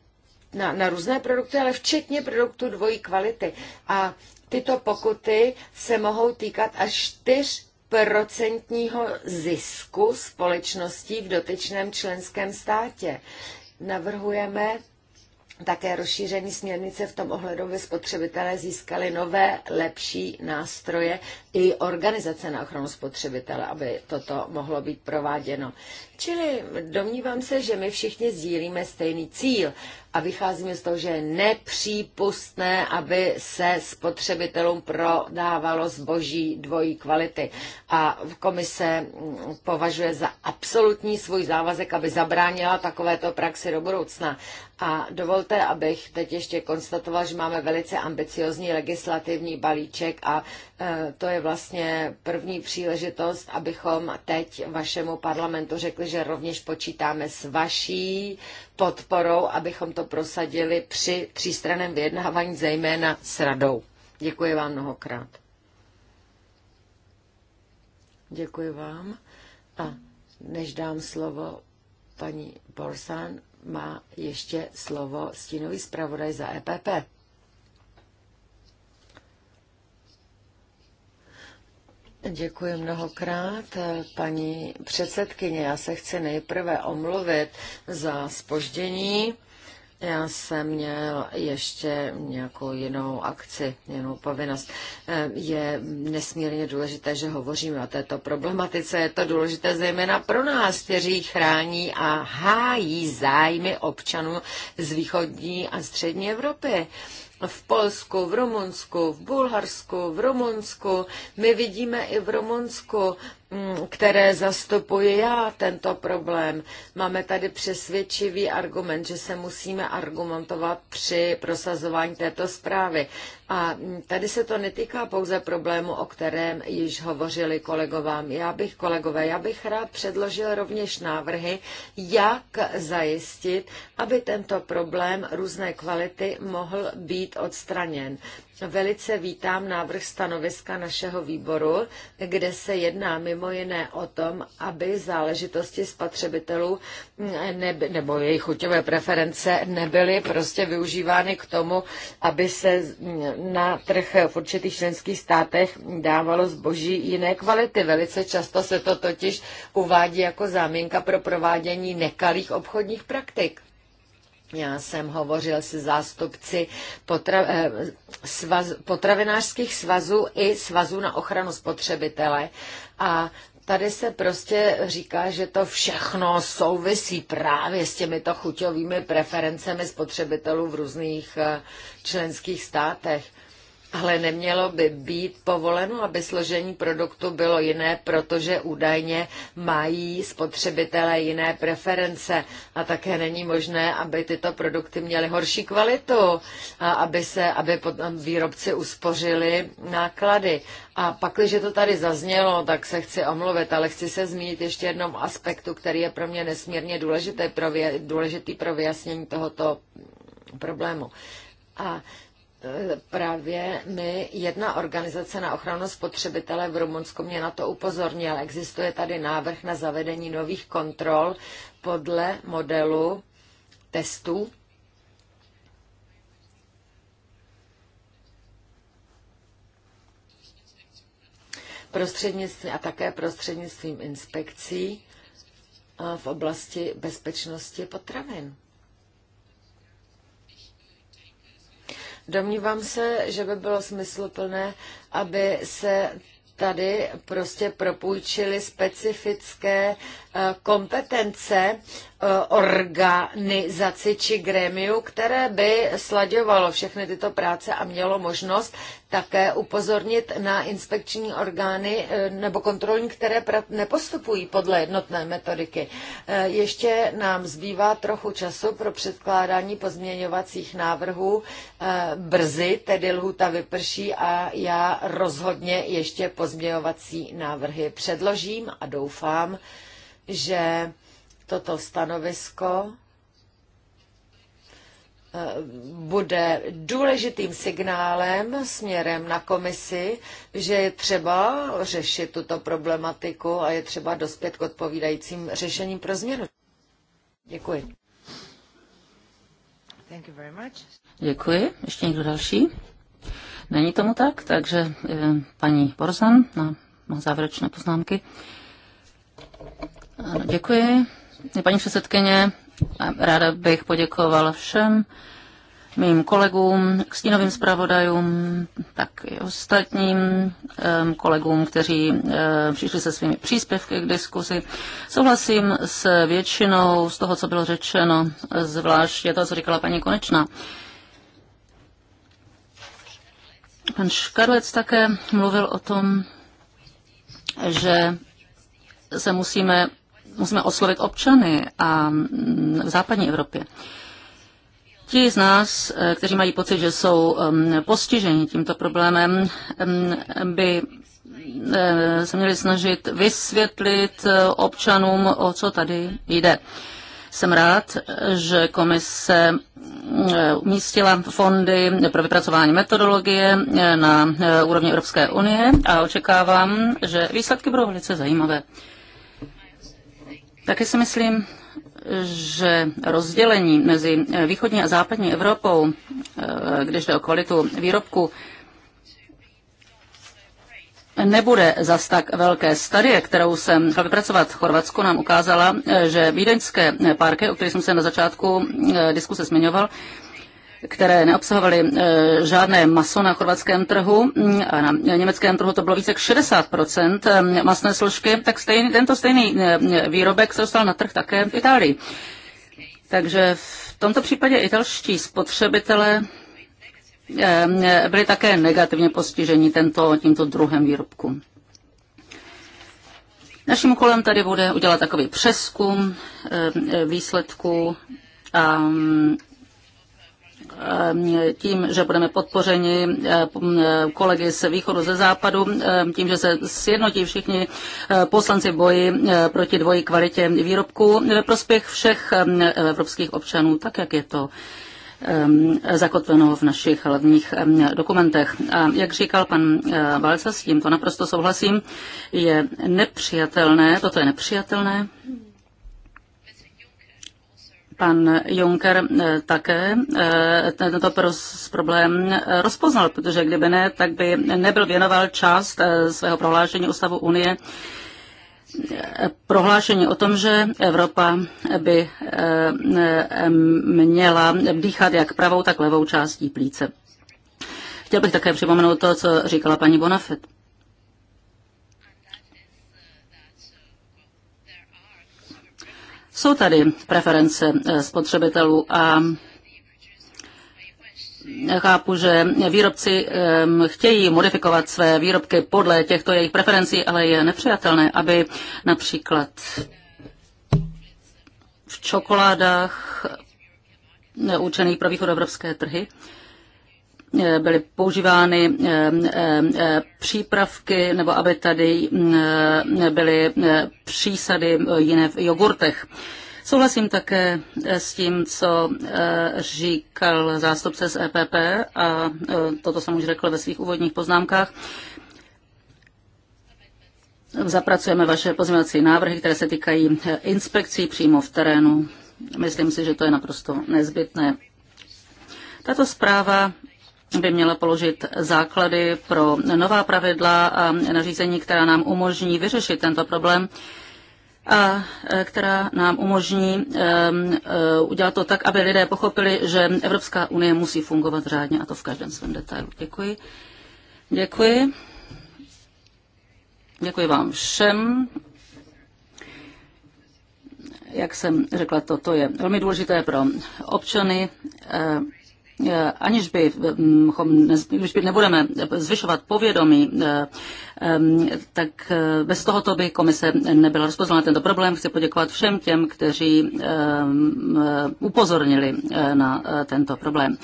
na, na různé produkty, ale včetně produktů dvojí kvality. A tyto pokuty se mohou týkat až 4 procentního zisku společností v dotyčném členském státě. Navrhujeme také rozšíření směrnice v tom ohledu, aby spotřebitelé získali nové, lepší nástroje i organizace na ochranu spotřebitele, aby toto mohlo být prováděno. Čili domnívám se, že my všichni sdílíme stejný cíl a vycházíme z toho, že je nepřípustné, aby se spotřebitelům prodávalo zboží dvojí kvality. A komise mm, považuje za absolutní svůj závazek, aby zabránila takovéto praxi do budoucna. A dovolte, abych teď ještě konstatoval, že máme velice ambiciozní legislativní balíček a e, to je vlastně první příležitost, abychom teď vašemu parlamentu řekli, že rovněž počítáme s vaší podporou, abychom to prosadili při třístraném vyjednávání, zejména s radou. Děkuji vám mnohokrát. Děkuji vám. A než dám slovo paní Borsan, má ještě slovo stínový zpravodaj za EPP. Děkuji mnohokrát, paní předsedkyně. Já se chci nejprve omluvit za spoždění. Já jsem měl ještě nějakou jinou akci, jinou povinnost. Je nesmírně důležité, že hovoříme o této problematice. Je to důležité zejména pro nás, kteří chrání a hájí zájmy občanů z východní a střední Evropy v Polsku, v Rumunsku, v Bulharsku, v Rumunsku. My vidíme i v Rumunsku, mm, které zastupuji já, tento problém. Máme tady přesvědčivý argument, že se musíme argumentovat při prosazování této zprávy. A tady se to netýká pouze problému, o kterém již hovořili kolegovám. Já bych, kolegové, já bych rád předložil rovněž návrhy, jak zajistit, aby tento problém různé kvality mohl být odstraněn. Velice vítám návrh stanoviska našeho výboru, kde se jedná mimo jiné o tom, aby záležitosti spotřebitelů neby, nebo jejich chuťové preference nebyly prostě využívány k tomu, aby se mm, na trh v určitých členských státech dávalo zboží jiné kvality. Velice často se to totiž uvádí jako záminka pro provádění nekalých obchodních praktik. Já jsem hovořil se zástupci potra, eh, svaz, potravinářských svazů i svazů na ochranu spotřebitele a tady se prostě říká, že to všechno souvisí právě s těmito chuťovými preferencemi spotřebitelů v různých eh, členských státech ale nemělo by být povoleno, aby složení produktu bylo jiné, protože údajně mají spotřebitelé jiné preference a také není možné, aby tyto produkty měly horší kvalitu, a aby, se, aby výrobci uspořili náklady. A pak, když to tady zaznělo, tak se chci omluvit, ale chci se zmínit ještě jednom aspektu, který je pro mě nesmírně důležitý pro, vě, důležitý pro vyjasnění tohoto problému. A právě mi jedna organizace na ochranu spotřebitele v Rumunsku mě na to upozornila. Existuje tady návrh na zavedení nových kontrol podle modelu testů. Prostřednictvím a také prostřednictvím inspekcí v oblasti bezpečnosti potravin. Domnívám se, že by bylo smysluplné, aby se tady prostě propůjčili specifické eh, kompetence Eh, organizaci či grémiu, které by sladěvalo všechny tyto práce a mělo možnost také upozornit na inspekční orgány eh, nebo kontrolní, které nepostupují podle jednotné metodiky. Eh, ještě nám zbývá trochu času pro předkládání pozměňovacích návrhů. Brzy tedy lhuta vyprší a já rozhodně ještě pozměňovací návrhy předložím a doufám, že toto stanovisko eh, bude důležitým signálem směrem na komisi, že je třeba řešit tuto problematiku a je třeba dospět k odpovídajícím řešením pro změnu. Děkuji. Thank you very much. Děkuji. Ještě někdo další? Není tomu tak, takže eh, paní Borzan na, na závěrečné poznámky. Ano, děkuji. Paní předsedkyně, ráda bych poděkovala všem mým kolegům, k stínovým zpravodajům, tak i ostatním kolegům, kteří přišli se svými příspěvky k diskuzi. Souhlasím s většinou z toho, co bylo řečeno, zvláště to, co říkala paní Konečná. Pan Škarlec také mluvil o tom, že se musíme musíme oslovit občany a mm, v západní Evropě. Ti z nás, eh, kteří mají pocit, že jsou mm, postiženi tímto problémem, mm, by eh, se měli snažit vysvětlit eh, občanům, o co tady jde. Jsem rád, že komise umístila fondy pro vypracování metodologie na úrovni Evropské unie a očekávám, že výsledky budou velice zajímavé. Také si myslím, že rozdělení mezi východní a západní Evropou, eh, když jde o kvalitu výrobku, nebude zas tak velké. Studie, kterou jsem chtěl vypracovat v Chorvatsku, nám ukázala, eh, že vídeňské parky, o kterých jsem se na začátku eh, diskuse zmiňoval, které neobsahovaly eh, žádné maso na chorvatském trhu mm, a na německém trhu to bylo více jak 60 eh, masné složky, tak stejný, tento stejný eh, výrobek se dostal na trh také v Itálii. Takže v tomto případě italští spotřebitelé byli také negativně postiženi tento, tímto druhém výrobku. Naším úkolem tady bude udělat takový přeskum výsledků a mm, Eh, tím, že budeme podpořeni eh, kolegy z východu, ze západu, eh, tím, že se sjednotí všichni poslanci v boji proti dvojí kvalitě výrobků ve prospěch všech evropských občanů, tak jak je to zakotveno v našich hlavních dokumentech. A jak říkal pan Valca, s tím to naprosto souhlasím, je nepřijatelné, toto je nepřijatelné, Pan Juncker eh, také eh, tento problém eh, rozpoznal, protože kdyby ne, tak by nebyl věnoval část svého prohlášení Ústavu Unie prohlášení o tom, že Evropa by měla dýchat jak pravou, tak levou částí plíce. Chtěl bych také připomenout to, co říkala paní Bonafet. Jsou tady preference eh, spotřebitelů a chápu, že výrobci ehm, chtějí modifikovat své výrobky podle těchto jejich preferencí, ale je nepřijatelné, aby například v čokoládách neúčených eh, pro východoevropské trhy Eh, byly používány eh, eh, přípravky nebo aby tady mm, byly přísady jiné v jogurtech. Souhlasím také s tím, co říkal zástupce z EPP a toto jsem už řekl ve svých úvodních poznámkách. Zapracujeme vaše pozměňovací návrhy, které se týkají inspekcí přímo v terénu. Myslím si, že to je naprosto nezbytné. Tato zpráva by měla položit základy pro nová pravidla a nařízení, která nám umožní vyřešit tento problém a e, která nám umožní e, e, udělat to tak, aby lidé pochopili, že Evropská unie musí fungovat řádně a to v každém svém detailu. Děkuji. Děkuji. Děkuji vám všem. Jak jsem řekla, toto je velmi důležité pro občany. Eh, aniž by, mm, když by nebudeme zvyšovat povědomí, eh, tak eh, bez tohoto by komise nebyla rozpoznána tento problém. Chci poděkovat všem těm, kteří upozornili na tento problém.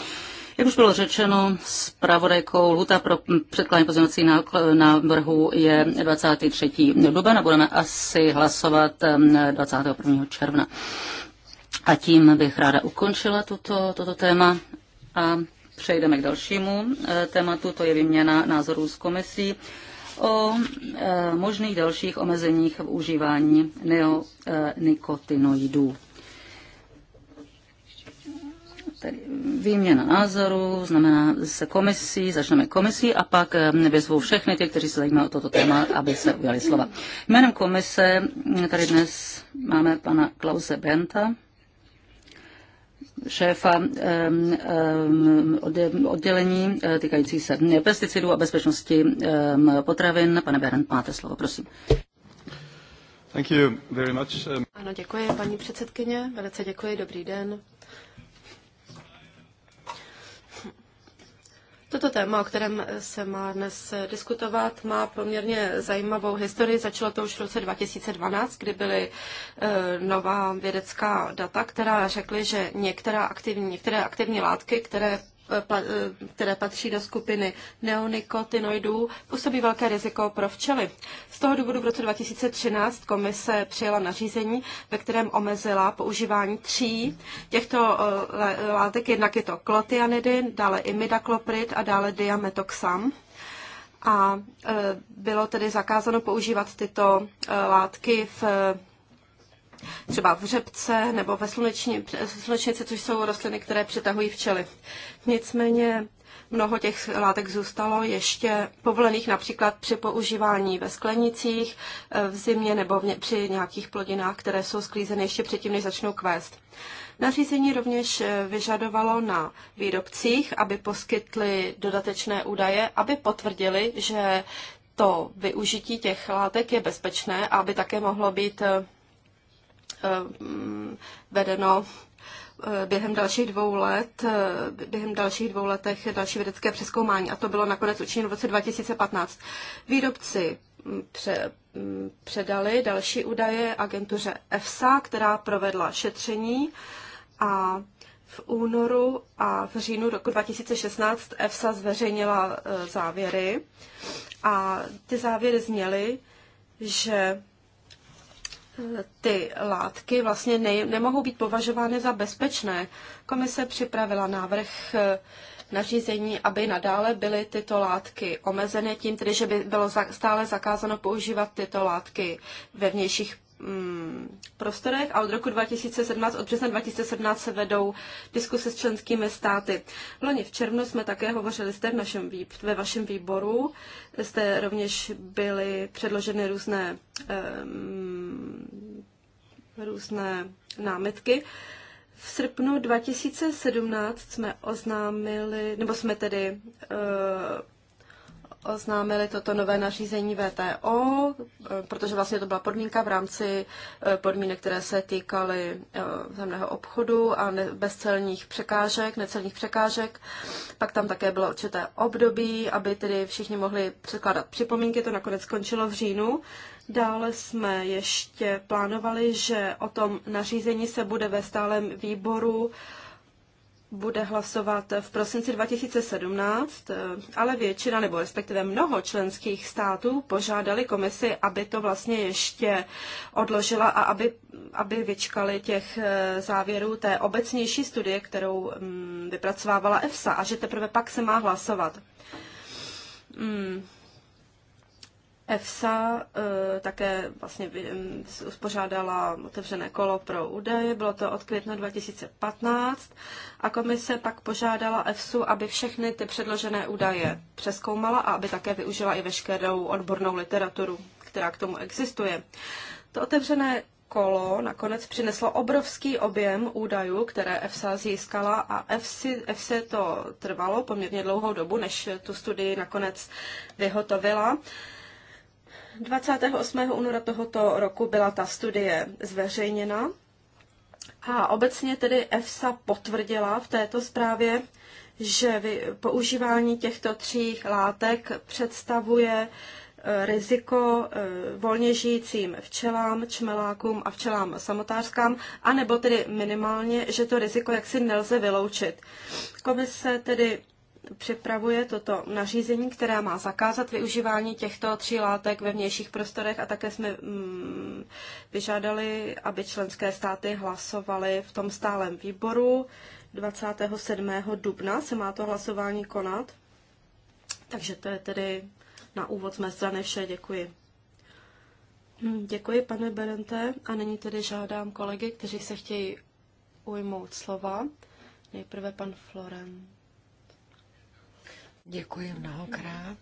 Jak už bylo řečeno, s pravodajkou luta pro předkládání pozornosti návrhu je 23. duben a budeme asi hlasovat 21. června. A tím bych ráda ukončila tuto, toto téma a přejdeme k dalšímu eh, tématu, to je výměna názorů s komisí o eh, možných dalších omezeních v užívání neonikotinoidů. Tedy výměna názorů, znamená se komisí, začneme komisí a pak eh, vyzvu všechny ty, kteří se zajímají o toto téma, aby se ujali slova. Jménem komise tady dnes máme pana Klause Benta, šéfa oddělení eh, týkající se pesticidů a bezpečnosti potravin. Pane Berend, máte slovo, prosím. Thank you very much. Ano, děkuji, paní předsedkyně. Velice děkuji, dobrý den. Toto téma, o kterém se má dnes diskutovat, má poměrně zajímavou historii. Začalo to už v roce 2012, kdy byly eh, nová vědecká data, která řekly, že některá aktivní, některé aktivní látky, které které patří do skupiny neonikotinoidů, působí velké riziko pro včely. Z toho důvodu v roce 2013 komise přijela nařízení, ve kterém omezila používání tří těchto eh, látek. Jednak je to klotianidy, dále imidakloprid a dále diametoxam a eh, bylo tedy zakázáno používat tyto eh, látky v třeba v řepce nebo ve slunečni, slunečnici, což jsou rostliny, které přitahují včely. Nicméně mnoho těch látek zůstalo ještě povolených například při používání ve sklenicích v zimě nebo v ně, při nějakých plodinách, které jsou sklízeny ještě předtím, než začnou kvést. Nařízení rovněž eh, vyžadovalo na výrobcích, aby poskytli dodatečné údaje, aby potvrdili, že to využití těch látek je bezpečné a aby také mohlo být eh, Eh, vedeno eh, během dalších dvou let, eh, během dalších dvou letech další vědecké přeskoumání a to bylo nakonec učiněno v roce 2015. Výrobci mm, pře, mm, předali další údaje agentuře EFSA, která provedla šetření a v únoru a v říjnu roku 2016 EFSA zveřejnila závěry a ty závěry zněly, že ty látky vlastně ne, nemohou být považovány za bezpečné. Komise připravila návrh eh, nařízení, aby nadále byly tyto látky omezeny tím, tedy, že by bylo stále zakázáno používat tyto látky ve vnějších Mm, prostorech a od roku 2017, od března 2017 se vedou diskuse s členskými státy. Loni v červnu jsme také hovořili jste v našem, ve vašem výboru. jste rovněž byly předloženy různé, um, různé námitky. V srpnu 2017 jsme oznámili, nebo jsme tedy uh, oznámili toto nové nařízení VTO, e, protože vlastně to byla podmínka v rámci e, podmínek, které se týkaly e, zemného obchodu a bezcelních překážek, necelních překážek. Pak tam také bylo určité období, aby tedy všichni mohli předkládat připomínky, to nakonec skončilo v říjnu. Dále jsme ještě plánovali, že o tom nařízení se bude ve stálem výboru bude hlasovat v prosinci 2017, eh, ale většina nebo respektive mnoho členských států požádali komisi, aby to vlastně ještě odložila a aby, aby vyčkali těch eh, závěrů té obecnější studie, kterou mm, vypracovávala EFSA a že teprve pak se má hlasovat. Hmm. EFSA eh, také vlastně eh, uspořádala otevřené kolo pro údaje, bylo to od května 2015 a komise pak požádala EFSU, aby všechny ty předložené údaje přeskoumala a aby také využila i veškerou odbornou literaturu, která k tomu existuje. To otevřené kolo nakonec přineslo obrovský objem údajů, které EFSA získala a EFSA to trvalo poměrně dlouhou dobu, než tu studii nakonec vyhotovila. Uh, 28. února tohoto roku byla ta studie zveřejněna a obecně tedy EFSA potvrdila v této zprávě, že používání těchto tří látek představuje e, riziko e, volně žijícím včelám, čmelákům a včelám samotářskám, anebo tedy minimálně, že to riziko jaksi nelze vyloučit. Komise tedy připravuje toto nařízení, které má zakázat využívání těchto tří látek ve vnějších prostorech a také jsme mm, vyžádali, aby členské státy hlasovaly v tom stálem výboru. 27. dubna se má to hlasování konat. Takže to je tedy na úvod z mé strany vše. Děkuji. Hm, děkuji, pane Berente. A nyní tedy žádám kolegy, kteří se chtějí ujmout slova. Nejprve pan Florent. Děkuji mnohokrát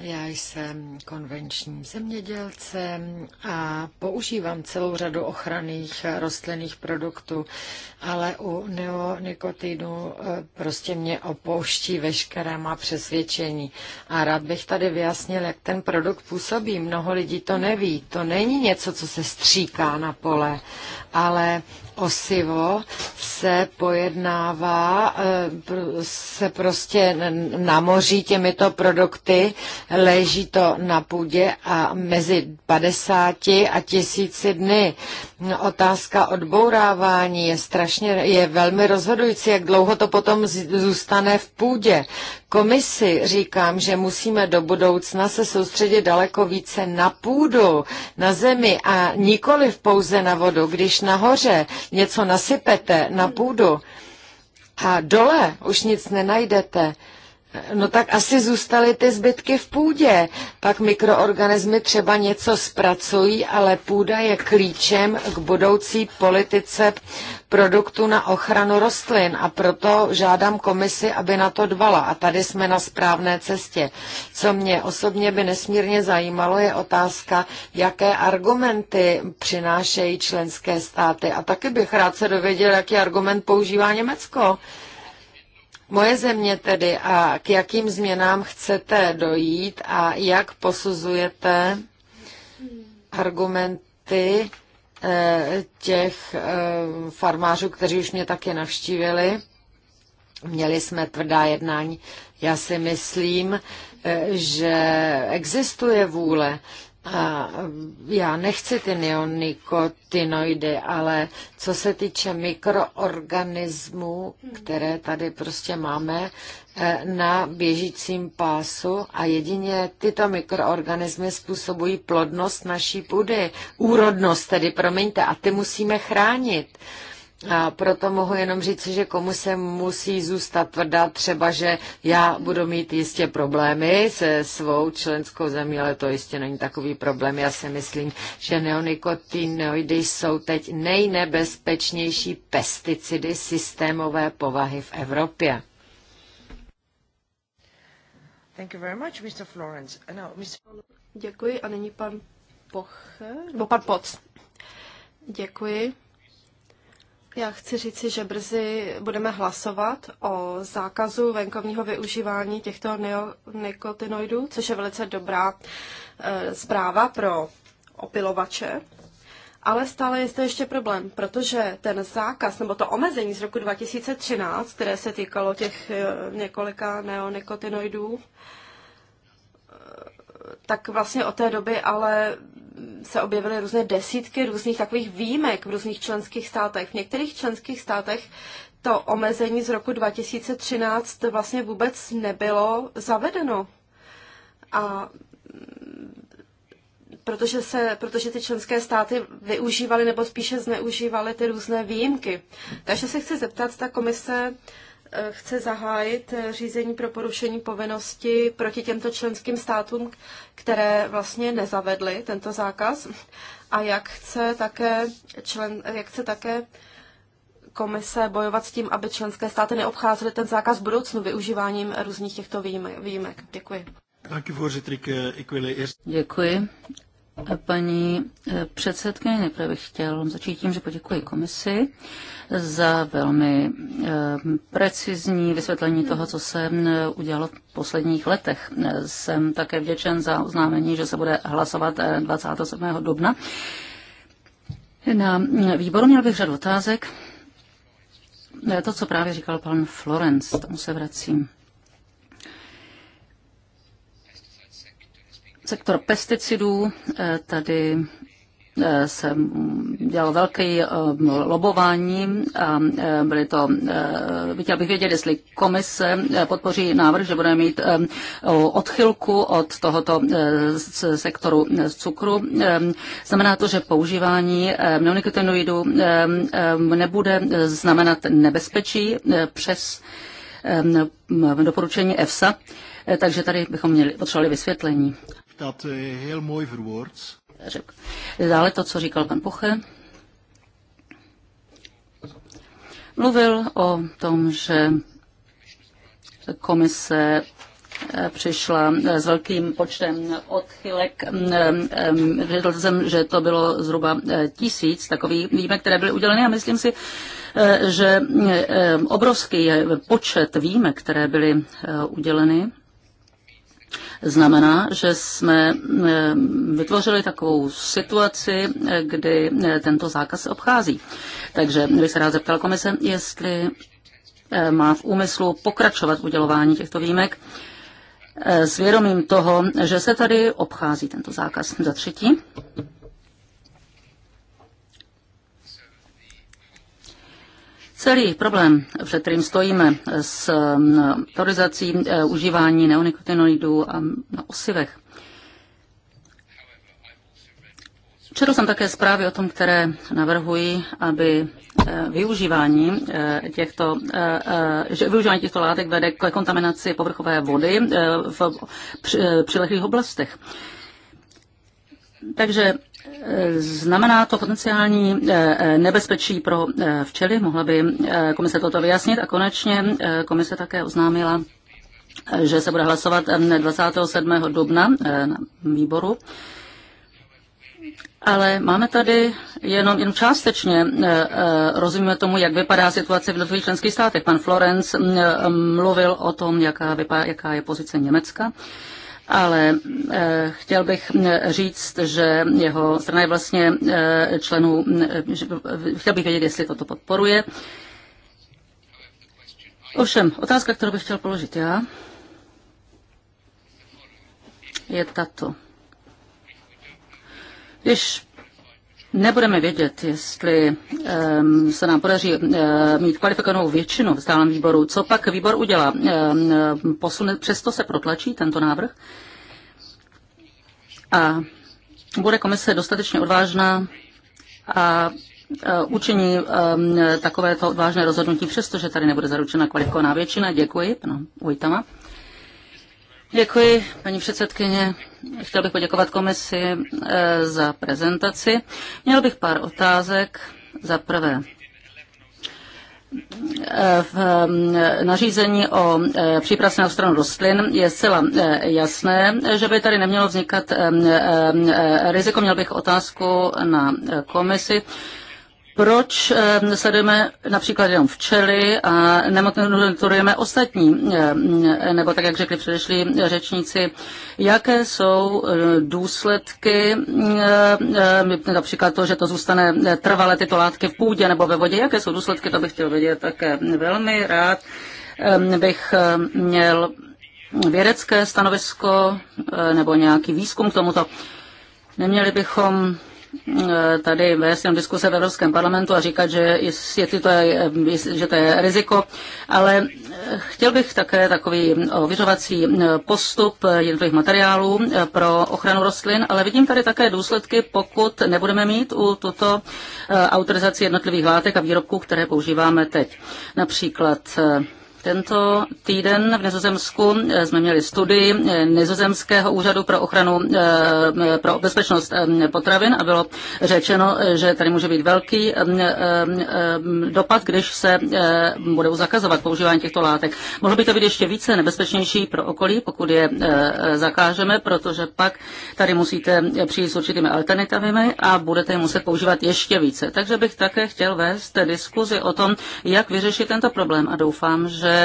já jsem konvenčním zemědělcem a používám celou řadu ochranných rostlinných produktů, ale u neonikotinu eh, prostě mě opouští veškeré má přesvědčení. A rád bych tady vyjasnil, jak ten produkt působí. Mnoho lidí to neví. To není něco, co se stříká na pole, ale osivo se pojednává, eh, se prostě namoří těmito produkty, leží to na půdě a mezi 50 a tisíci dny. Otázka odbourávání je strašně, je velmi rozhodující, jak dlouho to potom zůstane v půdě. Komisi říkám, že musíme do budoucna se soustředit daleko více na půdu, na zemi a nikoli pouze na vodu. Když nahoře něco nasypete na půdu a dole už nic nenajdete, No tak asi zůstaly ty zbytky v půdě. Pak mikroorganismy třeba něco zpracují, ale půda je klíčem k budoucí politice produktu na ochranu rostlin a proto žádám komisi, aby na to dbala. A tady jsme na správné cestě. Co mě osobně by nesmírně zajímalo, je otázka, jaké argumenty přinášejí členské státy. A taky bych rád se dověděl, jaký argument používá Německo. Moje země tedy a k jakým změnám chcete dojít a jak posuzujete argumenty eh, těch eh, farmářů, kteří už mě taky navštívili. Měli jsme tvrdá jednání. Já si myslím, eh, že existuje vůle a eh, já nechci ty neonikotinoidy, ale co se týče mikroorganismů, které tady prostě máme eh, na běžícím pásu a jedině tyto mikroorganismy způsobují plodnost naší půdy, úrodnost tedy, promiňte, a ty musíme chránit a proto mohu jenom říct, že komu se musí zůstat tvrdá, třeba, že já budu mít jistě problémy se svou členskou zemí, ale to jistě není takový problém. Já si myslím, že neonikotinoidy jsou teď nejnebezpečnější pesticidy systémové povahy v Evropě. Thank you very much, Mr. Florence. Uh, no, Mr. Děkuji a nyní pan poch, nebo pan Poc. Děkuji. Já chci říci, že brzy budeme hlasovat o zákazu venkovního využívání těchto neonikotinoidů, což je velice dobrá e, zpráva pro opilovače. Ale stále je zde ještě problém, protože ten zákaz nebo to omezení z roku 2013, které se týkalo těch e, několika neonikotinoidů, eh, tak vlastně od té doby ale se objevily různé desítky různých takových výjimek v různých členských státech. V některých členských státech to omezení z roku 2013 vlastně vůbec nebylo zavedeno. A mm, protože, se, protože ty členské státy využívaly nebo spíše zneužívaly ty různé výjimky. Takže se chci zeptat, ta komise Eh, chce zahájit eh, řízení pro porušení povinnosti proti těmto členským státům, které vlastně nezavedly tento zákaz a jak chce také, člen, jak chce také komise bojovat s tím, aby členské státy neobcházely ten zákaz v budoucnu využíváním různých těchto výjimek. Děkuji. Eh, Děkuji. Paní eh, předsedkyně, nejprve bych chtěl začít tím, že poděkuji komisi za velmi eh, precizní vysvětlení toho, co se eh, udělalo v posledních letech. Jsem také vděčen za oznámení, že se bude hlasovat 27. dubna. Na výboru měl bych řadu otázek. To, co právě říkal pan Florence, tomu se vracím. Sektor pesticidů, eh, tady eh, se dělalo velké eh, lobování a byly to, chtěl bych vědět, jestli komise podpoří návrh, že budeme mít odchylku od tohoto sektoru z cukru. Znamená to, že používání neonikotinoidů nebude znamenat nebezpečí přes doporučení EFSA, takže tady bychom měli, potřebovali vysvětlení dat eh, heel mooi verwoord. Dále to, co říkal pan Puche. Mluvil o tom, že komise eh, přišla eh, s velkým počtem odchylek. Řekl jsem, že to bylo zhruba tisíc takových výjimek, které byly uděleny a myslím si, že obrovský počet výjimek, které byly uděleny, znamená, že jsme eh, vytvořili takovou situaci, eh, kdy eh, tento zákaz se obchází. Takže bych se rád zeptal komise, jestli má v úmyslu pokračovat v udělování těchto výjimek s vědomím toho, že se tady obchází tento zákaz. Za třetí. Celý problém, před kterým stojíme s autorizací e, užívání neonikotinoidů a na osivech, Četl jsem také zprávy o tom, které navrhují, aby e, využívání e, těchto, že využívání těchto látek vede k kontaminaci povrchové vody v přilehlých oblastech. Takže Znamená to potenciální eh, eh, nebezpečí pro eh, včely? Mohla by komise toto vyjasnit? A konečně komise také oznámila, že se bude hlasovat 27. dubna na výboru. Ale máme tady jenom, jenom částečně rozumíme tomu, jak vypadá situace v jednotlivých členských státech. Pan Florenc mm, mluvil o tom, jaká, vypadá, jaká je pozice Německa ale eh, chtěl bych mm, říct, že jeho strana je vlastně eh, členů, mm, eh, chtěl bych vědět, jestli toto podporuje. Ovšem, otázka, kterou bych chtěl položit já, je tato. Když nebudeme vědět, jestli um, se nám podaří um, mít kvalifikovanou většinu v stálem výboru, co pak výbor udělá? Um, posune, přesto se protlačí tento návrh? A bude komise dostatečně odvážná a e, učiní um, takovéto odvážné rozhodnutí, přestože tady nebude zaručena kvalifikovaná většina. Děkuji, pana Ujtama. Děkuji, paní předsedkyně. Chtěl bych poděkovat komisi eh, za prezentaci. Měl bych pár otázek. Za prvé, eh, v mm, nařízení o eh, přípravce na ochranu rostlin je zcela jasné, že by tady nemělo vznikat riziko. Měl bych otázku na komisi. Proč ehm, sledujeme například jenom včely a nemonitorujeme ostatní, ehm, nebo tak, jak řekli předešlí řečníci, jaké jsou eh, důsledky, ehm, například to, že to zůstane eh, trvalé tyto látky v půdě nebo ve vodě, jaké jsou důsledky, to bych chtěl vědět také velmi rád bych měl vědecké stanovisko eh, nebo nějaký výzkum k tomuto. Neměli bychom Eh, tady vést jen diskuse v Evropském parlamentu a říkat, že, je, to je, že to je riziko, ale eh, chtěl bych také takový ověřovací eh, postup jednotlivých materiálů pro ochranu rostlin, ale vidím tady také důsledky, pokud nebudeme mít u tuto autorizaci jednotlivých látek a výrobků, které používáme teď. Například tento týden v Nizozemsku eh, jsme měli studii eh, Nizozemského úřadu pro ochranu eh, pro bezpečnost potravin a bylo řečeno, že tady může být velký dopad, když se budou zakazovat používání těchto látek. Mohlo by to být ještě více nebezpečnější pro okolí, pokud je zakážeme, protože pak tady musíte přijít s určitými alternativami a budete je muset používat ještě více. Takže bych také chtěl vést diskuzi o tom, jak vyřešit tento problém a doufám, že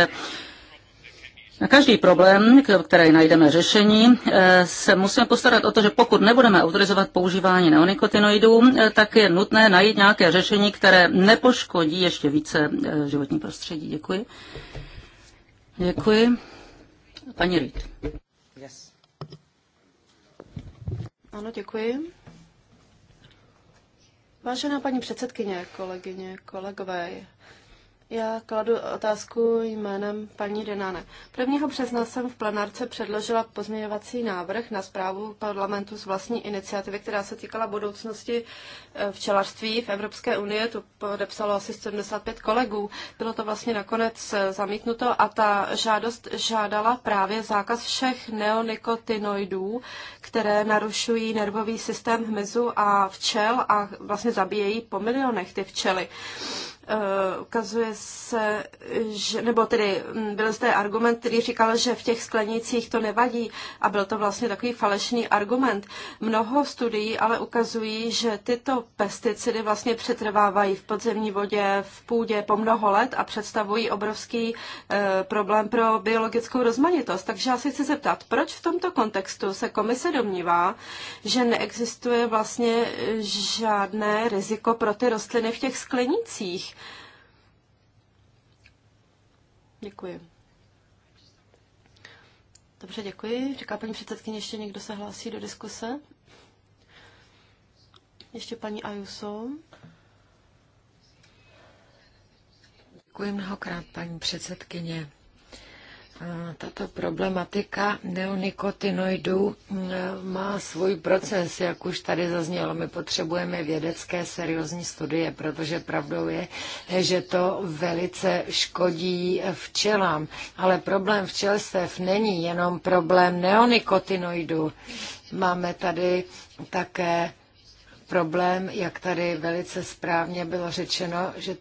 na každý problém, který najdeme řešení, eh, se musíme postarat o to, že pokud nebudeme autorizovat používání neonikotinoidů, eh, tak je nutné najít nějaké řešení, které nepoškodí ještě více eh, životní prostředí. Děkuji. Děkuji. Paní Reed. Yes. Ano, děkuji. Vážená paní předsedkyně, kolegyně, kolegové, já kladu otázku jménem paní Denane. 1. března jsem v plenárce předložila pozměňovací návrh na zprávu parlamentu z vlastní iniciativy, která se týkala budoucnosti eh, včelařství v Evropské unii. To podepsalo asi 75 kolegů. Bylo to vlastně nakonec eh, zamítnuto a ta žádost žádala právě zákaz všech neonikotinoidů, které narušují nervový systém hmyzu a včel a vlastně zabíjejí po milionech ty včely. Eh, ukazuje se, že, nebo tedy mm, byl zde argument, který říkal, že v těch sklenicích to nevadí a byl to vlastně takový falešný argument. Mnoho studií ale ukazují, že tyto pesticidy vlastně přetrvávají v podzemní vodě, v půdě po mnoho let a představují obrovský e, problém pro biologickou rozmanitost. Takže já si chci zeptat, proč v tomto kontextu se komise domnívá, že neexistuje vlastně žádné riziko pro ty rostliny v těch sklenicích? Děkuji. Dobře, děkuji. Říká paní předsedkyně, ještě někdo se hlásí do diskuse? Ještě paní Ajuso. Děkuji mnohokrát, paní předsedkyně. Tato problematika neonikotinoidů e, má svůj proces, jak už tady zaznělo. My potřebujeme vědecké seriózní studie, protože pravdou je, že to velice škodí včelám. Ale problém včelstev není jenom problém neonikotinoidů. Máme tady také problém, jak tady velice správně bylo řečeno, že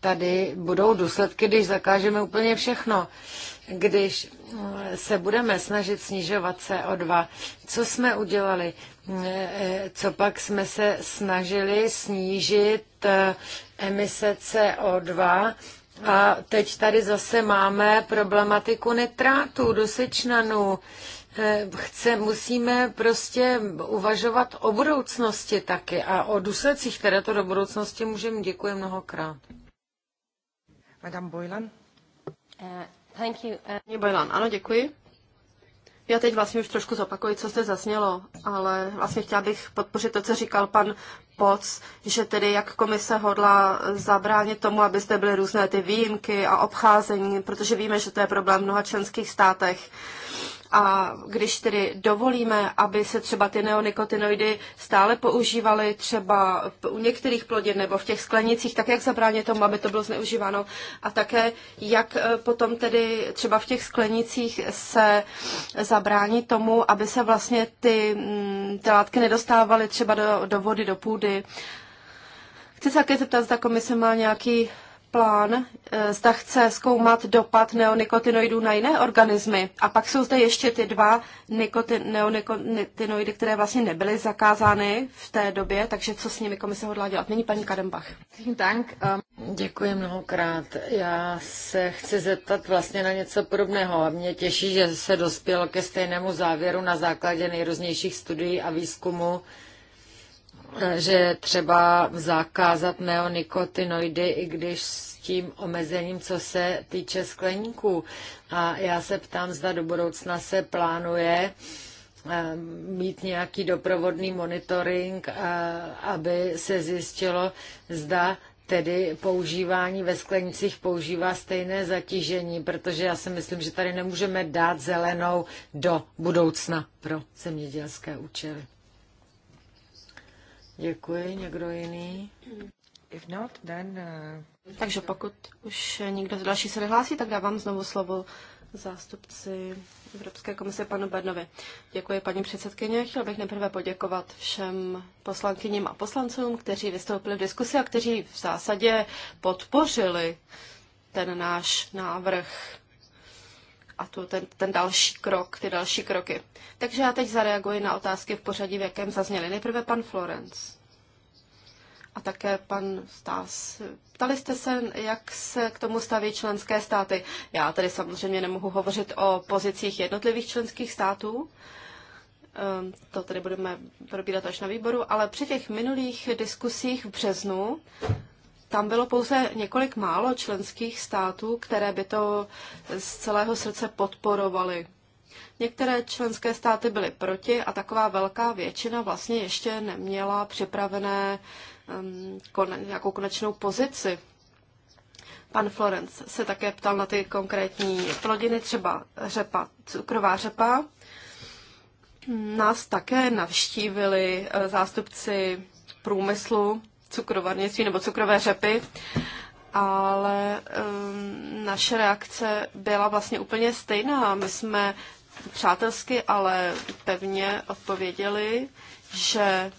tady budou důsledky, když zakážeme úplně všechno když eh, se budeme snažit snižovat CO2, co jsme udělali? Eh, eh, co pak jsme se snažili snížit emise CO2? A teď tady zase máme problematiku nitrátů, dusičnanů. Chce, musíme prostě uvažovat o budoucnosti taky a o důsledcích, které to do budoucnosti můžeme. Děkuji mnohokrát. Madame Boylan. Thank you. Uh, ano, děkuji. Já teď vlastně už trošku zopakuji, co se zasnělo, ale vlastně chtěla bych podpořit to, co říkal pan Poc, že tedy jak komise hodla zabránit tomu, aby zde byly různé ty výjimky a obcházení, protože víme, že to je problém v mnoha členských státech. A když tedy dovolíme, aby se třeba ty neonikotinoidy stále používaly třeba u některých plodin nebo v těch sklenicích, tak jak zabránit tomu, aby to bylo zneužíváno? A také, jak eh, potom tedy třeba v těch sklenicích se zabrání tomu, aby se vlastně ty, mm, ty látky nedostávaly třeba do, do vody, do půdy? Chci se také zeptat, zda komise má nějaký plán, eh, zda chce zkoumat dopad neonikotinoidů na jiné organismy. A pak jsou zde ještě ty dva nikotin, neonikotinoidy, které vlastně nebyly zakázány v té době, takže co s nimi komise hodlá dělat? Není paní Kadembach. Dank. Um- Děkuji mnohokrát. Já se chci zeptat vlastně na něco podobného a mě těší, že se dospělo ke stejnému závěru na základě nejrůznějších studií a výzkumu, že třeba zakázat neonikotinoidy, i když s tím omezením, co se týče skleníků. A já se ptám, zda do budoucna se plánuje ehm, mít nějaký doprovodný monitoring, eh, aby se zjistilo, zda tedy používání ve sklenicích používá stejné zatížení, protože já si myslím, že tady nemůžeme dát zelenou do budoucna pro zemědělské účely. Děkuji. Někdo jiný? If not, then, uh... Takže pokud už někdo další se nehlásí, tak dávám znovu slovo zástupci Evropské komise panu Bernovi. Děkuji paní předsedkyně. Chtěl bych nejprve poděkovat všem poslankyním a poslancům, kteří vystoupili v diskusi a kteří v zásadě podpořili ten náš návrh a tu, ten, ten další krok, ty další kroky. Takže já teď zareaguji na otázky v pořadí, v jakém zazněly. Nejprve pan Florence a také pan Stas. Ptali jste se, jak se k tomu staví členské státy. Já tady samozřejmě nemohu hovořit o pozicích jednotlivých členských států, ehm, to tady budeme probírat až na výboru, ale při těch minulých diskusích v březnu tam bylo pouze několik málo členských států, které by to z celého srdce podporovaly. Některé členské státy byly proti a taková velká většina vlastně ještě neměla připravené um, kone, nějakou konečnou pozici. Pan Florenc se také ptal na ty konkrétní plodiny, třeba řepa, cukrová řepa. Nás také navštívili eh, zástupci průmyslu cukrovarnictví nebo cukrové řepy, ale um, naše reakce byla vlastně úplně stejná. My jsme přátelsky, ale pevně odpověděli, že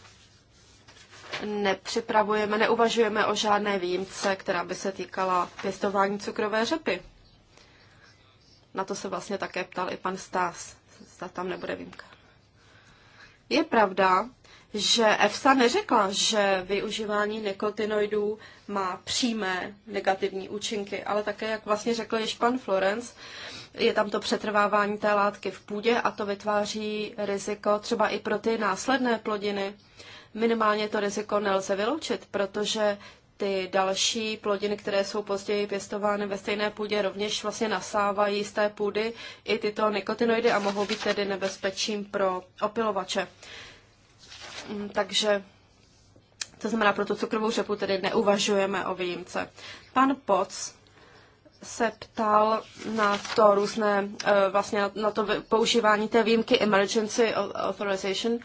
nepřipravujeme, neuvažujeme o žádné výjimce, která by se týkala pěstování cukrové řepy. Na to se vlastně také ptal i pan Stás, zda tam nebude výjimka. Je pravda, že EFSA neřekla, že využívání nikotinoidů má přímé negativní účinky, ale také, jak vlastně řekl již pan Florence, je tam to přetrvávání té látky v půdě a to vytváří riziko třeba i pro ty následné plodiny. Minimálně to riziko nelze vyloučit, protože ty další plodiny, které jsou později pěstovány ve stejné půdě, rovněž vlastně nasávají z té půdy i tyto nikotinoidy a mohou být tedy nebezpečím pro opilovače. Mm, takže to znamená, pro tu cukrovou řepu tedy neuvažujeme o výjimce. Pan Poc se ptal na to různé, eh, vlastně na to používání té výjimky Emergency Authorization.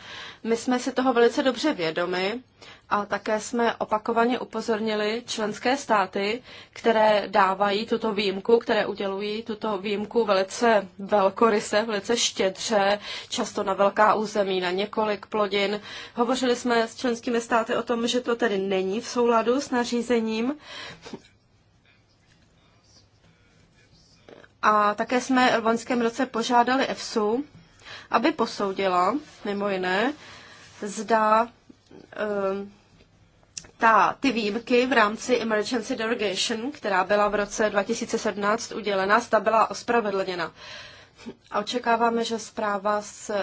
My jsme si toho velice dobře vědomi a také jsme opakovaně upozornili členské státy, které dávají tuto výjimku, které udělují tuto výjimku velice velkoryse, velice štědře, často na velká území, na několik plodin. Hovořili jsme s členskými státy o tom, že to tedy není v souladu s nařízením A také jsme v loňském roce požádali EFSU, aby posoudila, mimo jiné, zda um, ta, ty výjimky v rámci Emergency Derogation, která byla v roce 2017 udělena, zda byla ospravedlněna. A očekáváme, že zpráva z, eh,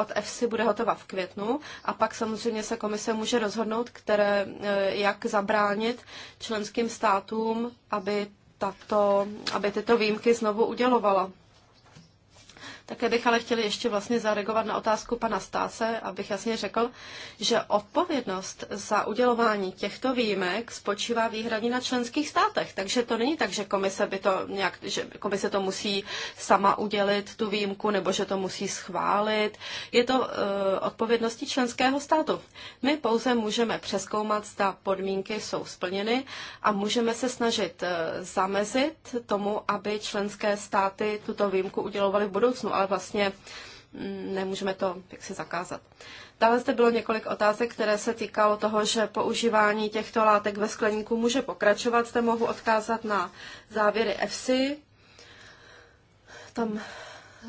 od EFSI bude hotova v květnu a pak samozřejmě se komise může rozhodnout, které, eh, jak zabránit členským státům, aby tato, aby tyto výjimky znovu udělovala. Také bych ale chtěl ještě vlastně zareagovat na otázku pana Stáse, abych jasně řekl, že odpovědnost za udělování těchto výjimek spočívá výhradně na členských státech. Takže to není tak, že komise, by to nějak, že komise to musí sama udělit, tu výjimku, nebo že to musí schválit. Je to uh, eh, odpovědností členského státu. My pouze můžeme přeskoumat, zda podmínky jsou splněny a můžeme se snažit uh, zamezit tomu, aby členské státy tuto výjimku udělovaly v budoucnu ale vlastně mm, nemůžeme to jaksi zakázat. Dále zde bylo několik otázek, které se týkalo toho, že používání těchto látek ve skleníku může pokračovat. Zde mohu odkázat na závěry EFSI. Tam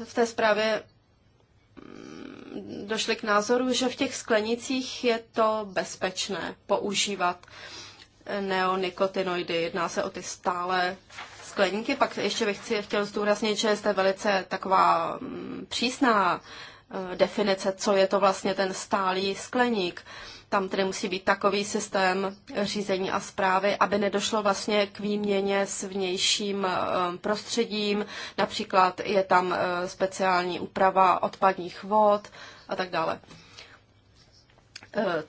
v té zprávě mm, došli k názoru, že v těch sklenicích je to bezpečné používat neonikotinoidy. Jedná se o ty stále skleníky. Pak ještě bych chci, chtěl zdůraznit, že jste velice taková mm, přísná e, definice, co je to vlastně ten stálý skleník. Tam tedy musí být takový systém řízení a zprávy, aby nedošlo vlastně k výměně s vnějším e, prostředím. Například je tam e, speciální úprava odpadních vod a tak dále.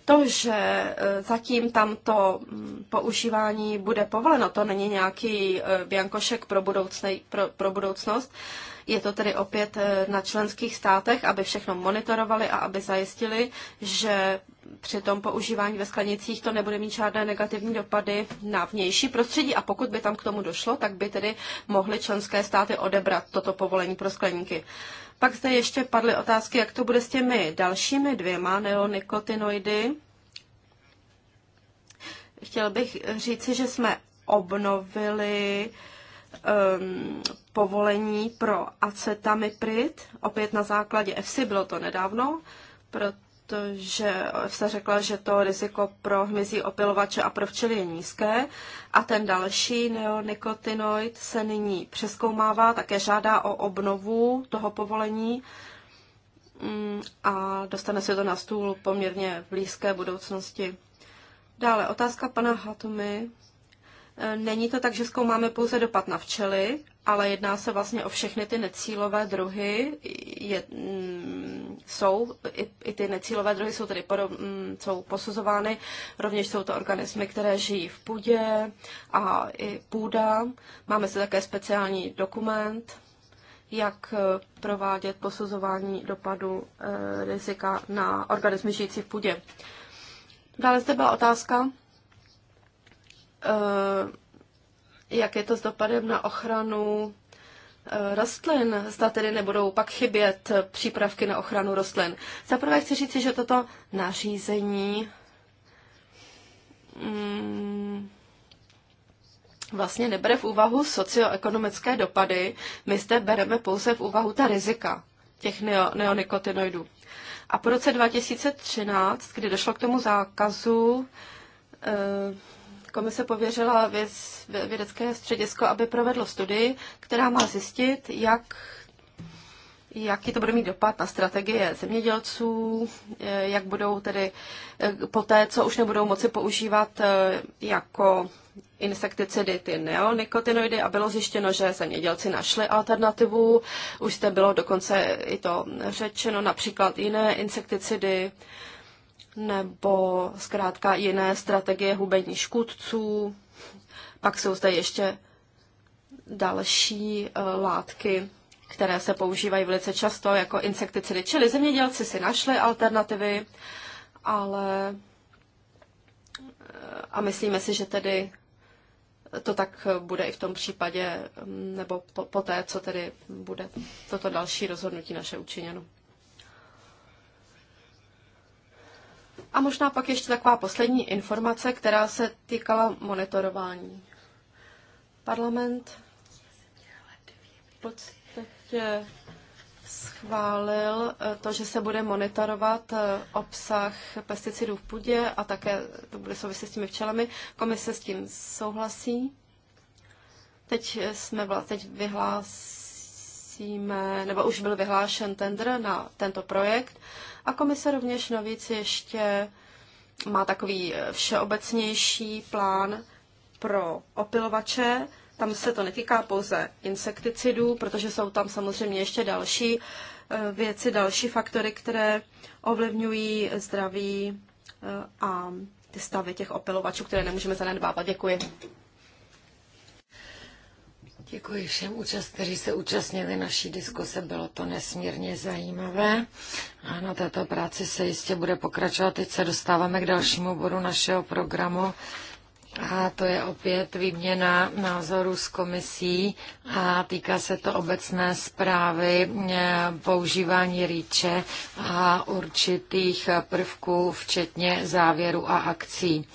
To, že e, zatím tamto mm, používání bude povoleno, to není nějaký e, biankošek pro, pro, pro budoucnost. Je to tedy opět e, na členských státech, aby všechno monitorovali a aby zajistili, že při tom používání ve sklenicích to nebude mít žádné negativní dopady na vnější prostředí a pokud by tam k tomu došlo, tak by tedy mohly členské státy odebrat toto povolení pro skleníky. Uh, pak zde ještě padly otázky, jak to bude s těmi dalšími dvěma neonikotinoidy. Chtěl bych říci, že jsme obnovili um, povolení pro acetamiprid, opět na základě EFSI, bylo to nedávno, proto protože se řekla, že to riziko pro hmyzí opilovače a pro včely je nízké. A ten další neonikotinoid se nyní přeskoumává, také žádá o obnovu toho povolení mm, a dostane se to na stůl poměrně v blízké budoucnosti. Dále otázka pana Hatumy. E, není to tak, že zkoumáme pouze dopad na včely, ale jedná se vlastně o všechny ty necílové druhy. Je, mm, jsou, i, i ty necílové druhy jsou tedy podob, mm, jsou posuzovány, rovněž jsou to organismy, které žijí v půdě a i půda. Máme se také speciální dokument, jak eh, provádět posuzování dopadu e, rizika na organismy žijící v půdě. Dále zde byla otázka, e, jak je to s dopadem na ochranu Eh, rostlin, zda tedy nebudou pak chybět přípravky na ochranu rostlin. Zaprvé chci říct, že toto nařízení mm, vlastně nebere v úvahu socioekonomické dopady, my zde bereme pouze v úvahu ta rizika těch neonikotinoidů. A po roce 2013, kdy došlo k tomu zákazu, eh, Komise pověřila věc, vědecké středisko, aby provedlo studii, která má zjistit, jak jaký to bude mít dopad na strategie zemědělců, eh, jak budou tedy eh, poté, co už nebudou moci používat eh, jako insekticidy ty neonikotinoidy a bylo zjištěno, že zemědělci našli alternativu. Už zde bylo dokonce i to řečeno, například jiné insekticidy, nebo zkrátka jiné strategie hubení škůdců. Pak jsou zde ještě další eh, látky, které se používají velice často jako insekticidy. Čili zemědělci si našli alternativy, ale eh, a myslíme si, že tedy to tak bude i v tom případě, mm, nebo po, po té, co tedy bude toto další rozhodnutí naše učiněno. A možná pak ještě taková poslední informace, která se týkala monitorování. Parlament v podstatě schválil eh, to, že se bude monitorovat eh, obsah pesticidů v půdě a také to bude souviset s těmi včelami. Komise s tím souhlasí. Teď jsme vlastně teď vyhlásíme, nebo už byl vyhlášen tender na tento projekt. A komise rovněž navíc ještě má takový eh, všeobecnější plán pro opilovače. Tam se to netýká pouze insekticidů, protože jsou tam samozřejmě ještě další eh, věci, další faktory, které ovlivňují zdraví eh, a ty stavy těch opilovačů, které nemůžeme zanedbávat. Děkuji. Děkuji všem, účast, kteří se účastnili naší diskuse. Bylo to nesmírně zajímavé. A na této práci se jistě bude pokračovat. Teď se dostáváme k dalšímu bodu našeho programu. A to je opět výměna názorů s komisí a týká se to obecné zprávy eh, používání rýče a určitých prvků, včetně závěru a akcí.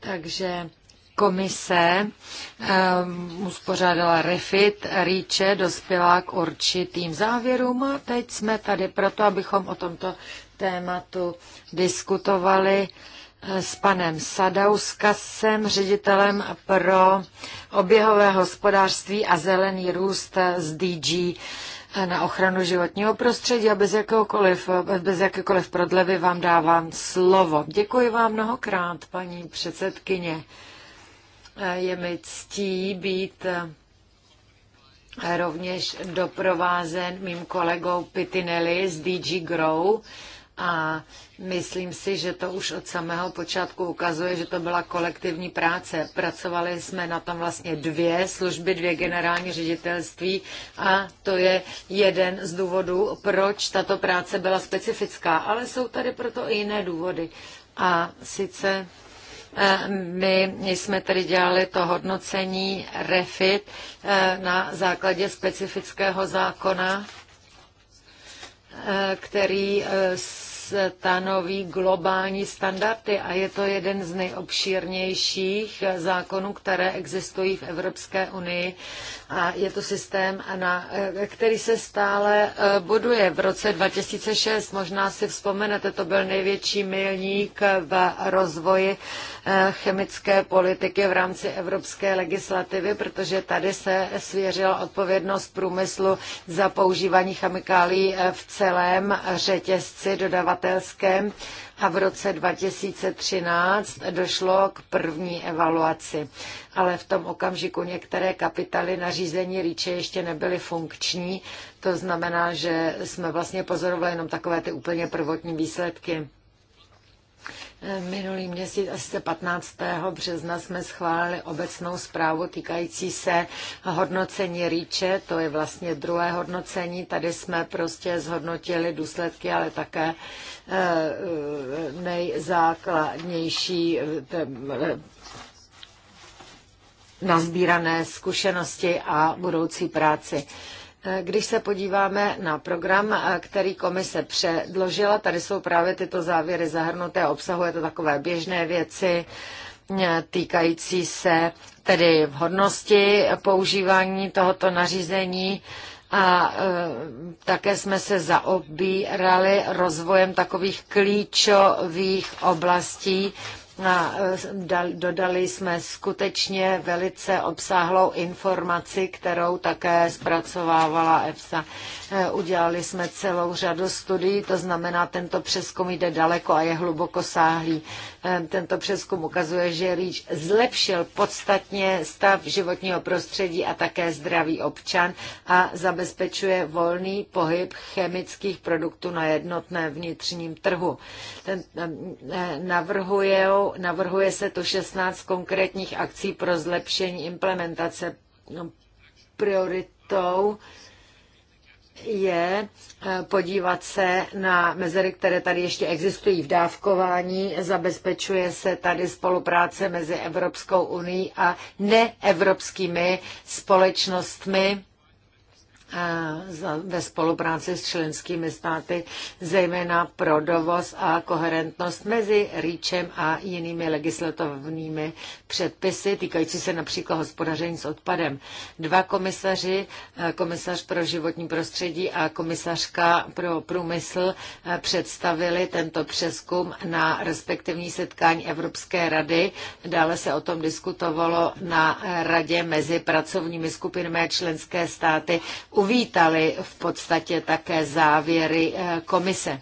Takže komise um, uspořádala refit, rýče, dospěla k určitým závěrům a teď jsme tady proto, abychom o tomto tématu diskutovali eh, s panem Sadauskasem, ředitelem pro oběhové hospodářství a zelený růst z DG eh, na ochranu životního prostředí a bez, jakékoliv bez jakékoliv prodlevy vám dávám slovo. Děkuji vám mnohokrát, paní předsedkyně. Je mi ctí být eh, rovněž doprovázen mým kolegou Pitinelli z DG Grow a myslím si, že to už od samého počátku ukazuje, že to byla kolektivní práce. Pracovali jsme na tom vlastně dvě služby, dvě generální ředitelství a to je jeden z důvodů, proč tato práce byla specifická, ale jsou tady proto i jiné důvody. A sice Eh, my jsme tedy dělali to hodnocení REFIT eh, na základě specifického zákona, eh, který stanoví globální standardy a je to jeden z nejobšírnějších zákonů, které existují v Evropské unii a je to systém, na, který se stále eh, buduje. V roce 2006, možná si vzpomenete, to byl největší milník v rozvoji eh, chemické politiky v rámci evropské legislativy, protože tady se svěřila odpovědnost průmyslu za používání chemikálí eh, v celém řetězci dodavatelů podnikatelském a v roce 2013 došlo k první evaluaci. Ale v tom okamžiku některé kapitaly na řízení Ríče ještě nebyly funkční, to znamená, že jsme vlastně pozorovali jenom takové ty úplně prvotní výsledky. Minulý měsíc, asi 15. března, jsme schválili obecnou zprávu týkající se hodnocení rýče, to je vlastně druhé hodnocení. Tady jsme prostě zhodnotili důsledky, ale také eh, nejzákladnější eh, nazbírané zkušenosti a budoucí práci. Když se podíváme na program, který komise předložila, tady jsou právě tyto závěry zahrnuté, obsahuje to takové běžné věci eh, týkající se tedy vhodnosti používání tohoto nařízení a e, také jsme se zaobírali rozvojem takových klíčových oblastí, a e, dodali jsme skutečně velice obsáhlou informaci, kterou také zpracovávala EFSA. E, udělali jsme celou řadu studií, to znamená, tento přeskum jde daleko a je hluboko sáhlý. E, tento přeskum ukazuje, že REACH zlepšil podstatně stav životního prostředí a také zdravý občan a zabezpečuje volný pohyb chemických produktů na jednotném vnitřním trhu. Ten navrhuje navrhuje se to 16 konkrétních akcí pro zlepšení implementace. No, prioritou je eh, podívat se na mezery, které tady ještě existují v dávkování. Zabezpečuje se tady spolupráce mezi Evropskou unii a neevropskými společnostmi ve spolupráci s členskými státy, zejména pro dovoz a koherentnost mezi REACHem a jinými legislativními předpisy týkající se například hospodaření s odpadem. Dva komisaři, eh, komisař pro životní prostředí a komisařka pro průmysl eh, představili tento přeskum na respektivní setkání Evropské rady. Dále se o tom diskutovalo na radě mezi pracovními skupinami a členské státy uvítali v podstatě také závěry eh, komise,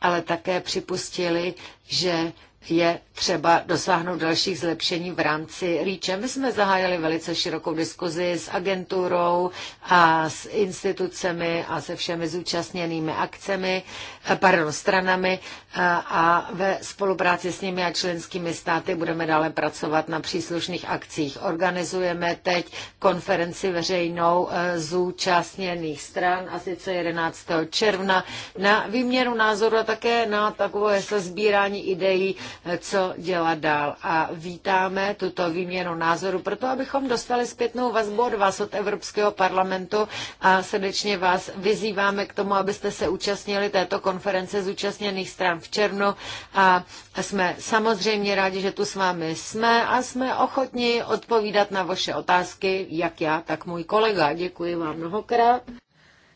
ale také připustili, že je třeba dosáhnout dalších zlepšení v rámci REACHE. My jsme zahájili velice širokou diskuzi s agenturou a s institucemi a se všemi zúčastněnými akcemi, eh, pardon, stranami eh, a ve spolupráci s nimi a členskými státy budeme dále pracovat na příslušných akcích. Organizujeme teď konferenci veřejnou eh, zúčastněných stran a sice 11. června na výměnu názoru a také na takové sezbírání ideí co dělat dál. A vítáme tuto výměnu názoru proto, abychom dostali zpětnou vazbu od vás, od Evropského parlamentu a srdečně vás vyzýváme k tomu, abyste se účastnili této konference zúčastněných stran v červnu a jsme samozřejmě rádi, že tu s vámi jsme a jsme ochotni odpovídat na vaše otázky, jak já, tak můj kolega. Děkuji vám mnohokrát.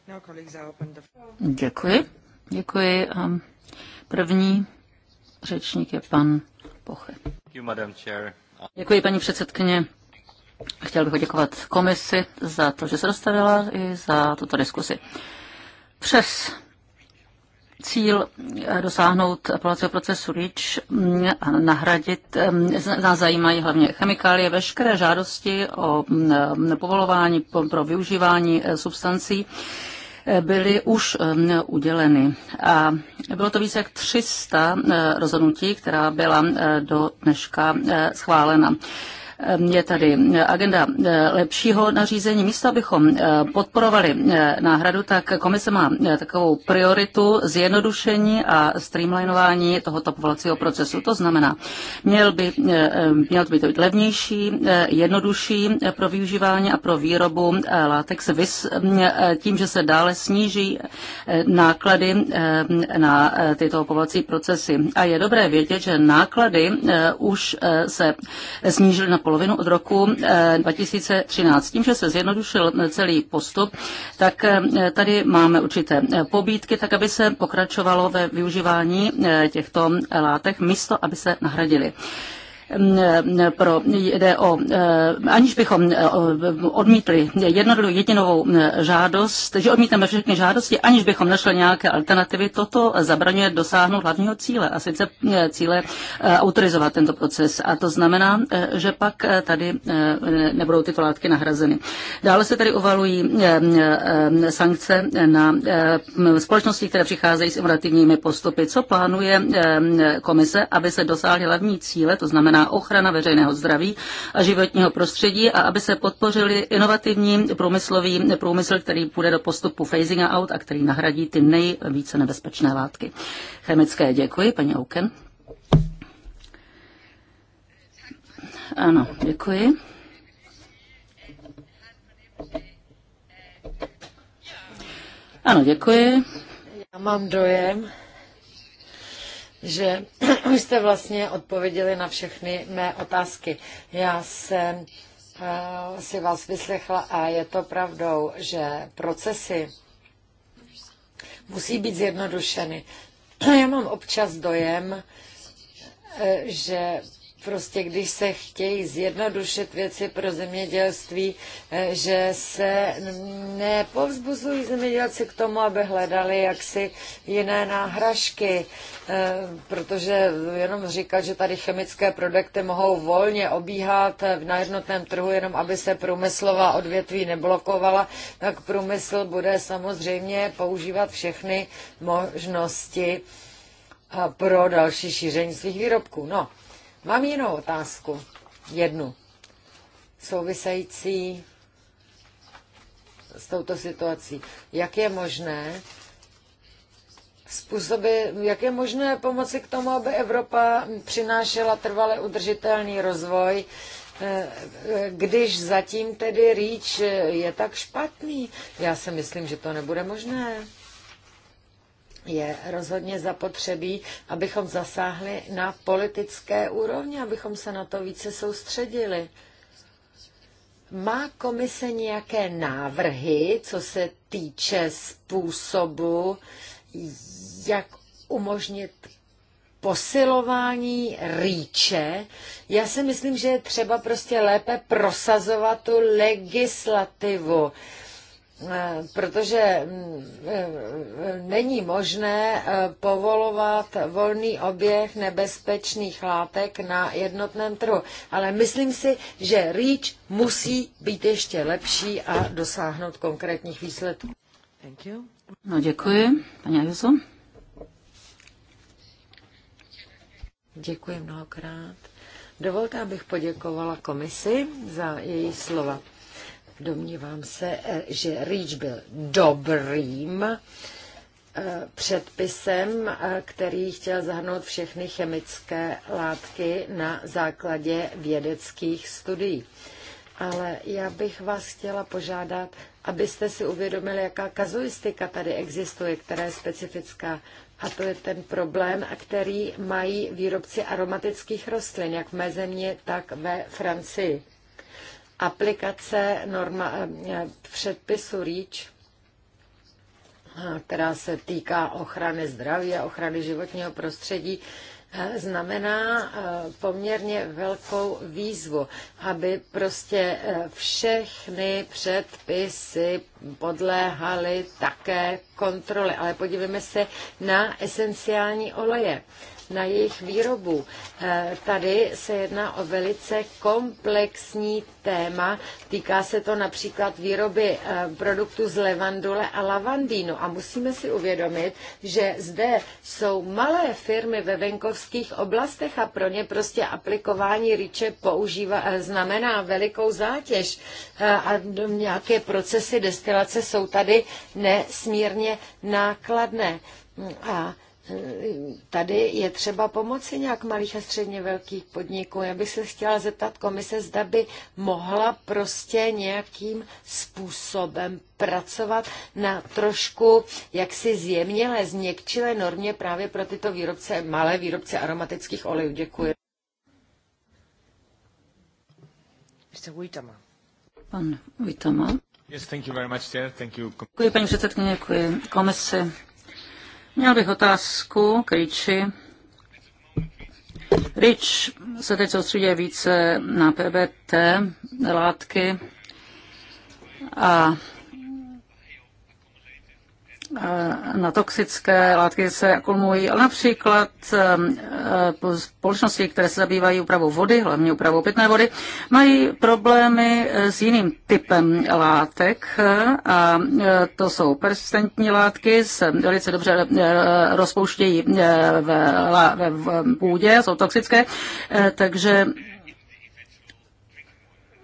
No, Děkuji. Děkuji. Ehm, první řečník je pan Poche. Děkuji, paní předsedkyně. Chtěl bych poděkovat komisi za to, že se dostavila i za tuto diskusi. Přes cíl eh, dosáhnout apelacího procesu REACH mm, a nahradit, eh, nás zajímají hlavně chemikálie, veškeré žádosti o mm, povolování pro využívání eh, substancí byly už uděleny. A bylo to více jak 300 rozhodnutí, která byla do dneška schválena. Ehm, je tady eh, agenda eh, lepšího nařízení. Místo, abychom eh, podporovali náhradu, tak komise má takovou prioritu zjednodušení a streamlinování tohoto povolacího procesu. To znamená, měl by, měl by to být levnější, jednodušší pro využívání a pro výrobu látek se vys, tím, že se dále sníží náklady na tyto povolací procesy. A je dobré vědět, že náklady už se snížily na polovinu od roku 2013. Eh, Tím, že se zjednodušil eh, celý postup, tak eh, tady máme určité pobídky, tak aby se pokračovalo ve využívání těchto látek, místo aby se nahradili pro, jde o, e, aniž bychom e, odmítli jednotlivou jedinovou e, žádost, že odmítneme všechny žádosti, aniž bychom našli nějaké alternativy, toto zabraňuje dosáhnout hlavního cíle, a sice cíle autorizovat tento proces. A to znamená, že pak tady nebudou tyto látky nahrazeny. Dále se tady uvalují sankce na společnosti, které přicházejí s inovativními postupy. Co plánuje komise, aby se dosáhly hlavní cíle, to znamená na ochrana veřejného zdraví a životního prostředí a aby se podpořili inovativní průmyslový průmysl, který půjde do postupu phasing out a který nahradí ty nejvíce nebezpečné látky. Chemické děkuji, paní Auken. Ano, děkuji. Ano, děkuji. Já mám dojem, že už (clears throat) jste vlastně odpověděli na všechny mé otázky. Já jsem eh, si vás vyslechla a je to pravdou, že procesy musí být zjednodušeny. (clears throat) Já mám občas dojem, eh, že prostě když se chtějí zjednodušit věci pro zemědělství, eh, že se nepovzbuzují zemědělci k tomu, aby hledali jaksi jiné náhražky, eh, protože jenom říkat, že tady chemické produkty mohou volně obíhat v eh, jednotném trhu, jenom aby se průmyslová odvětví neblokovala, tak průmysl bude samozřejmě používat všechny možnosti pro další šíření svých výrobků. No, Mám jinou otázku, jednu, související s touto situací. Jak je možné, způsoby, jak je možné pomoci k tomu, aby Evropa přinášela trvale udržitelný rozvoj, eh, když zatím tedy rýč je tak špatný. Já si myslím, že to nebude možné je rozhodně zapotřebí, abychom zasáhli na politické úrovni, abychom se na to více soustředili. Má komise nějaké návrhy, co se týče způsobu, jak umožnit posilování rýče. Já si myslím, že je třeba prostě lépe prosazovat tu legislativu. Uh, Eh, protože mm, eh, není možné eh, povolovat volný oběh nebezpečných látek na jednotném trhu. Ale myslím si, že REACH musí být ještě lepší a dosáhnout konkrétních výsledků. Thank you. No děkuji, paní Ajuso. Děkuji mnohokrát. Dovolte, abych poděkovala komisi za její slova. Domnívám se, eh, že REACH byl dobrým eh, předpisem, eh, který chtěl zahrnout všechny chemické látky na základě vědeckých studií. Ale já bych vás chtěla požádat, abyste si uvědomili, jaká kazuistika tady existuje, která je specifická. A to je ten problém, který mají výrobci aromatických rostlin, jak v mé země, tak ve Francii aplikace norma, eh, předpisu REACH, eh, která se týká ochrany zdraví a ochrany životního prostředí, eh, znamená poměrně velkou výzvu, aby prostě všechny předpisy podléhaly také kontrole. Ale podívejme se na esenciální oleje na jejich výrobu. Eh, tady se jedná o velice komplexní téma. Týká se to například výroby eh, produktů z levandule a lavandínu. A musíme si uvědomit, že zde jsou malé firmy ve venkovských oblastech a pro ně prostě aplikování rýče používá, eh, znamená velikou zátěž. A nějaké procesy destilace jsou tady nesmírně nákladné. A tady je třeba pomoci nějak malých a středně velkých podniků. Já bych se chtěla zeptat komise, zda by mohla prostě nějakým způsobem pracovat na trošku jaksi zjemnělé, změkčilé normě právě pro tyto výrobce, malé výrobce aromatických olejů. Děkuji. Pan Vitama. Děkuji paní předsedkyně, děkuji komisi Měl bych otázku k Riči. Rič se teď soustředuje více na PBT látky a na toxické látky se akumulují, ale například e, společnosti, které se zabývají úpravou vody, hlavně úpravou pitné vody, mají problémy e, s jiným typem látek e, a to jsou persistentní látky, se velice dobře rozpouštějí ve, v půdě, jsou toxické, takže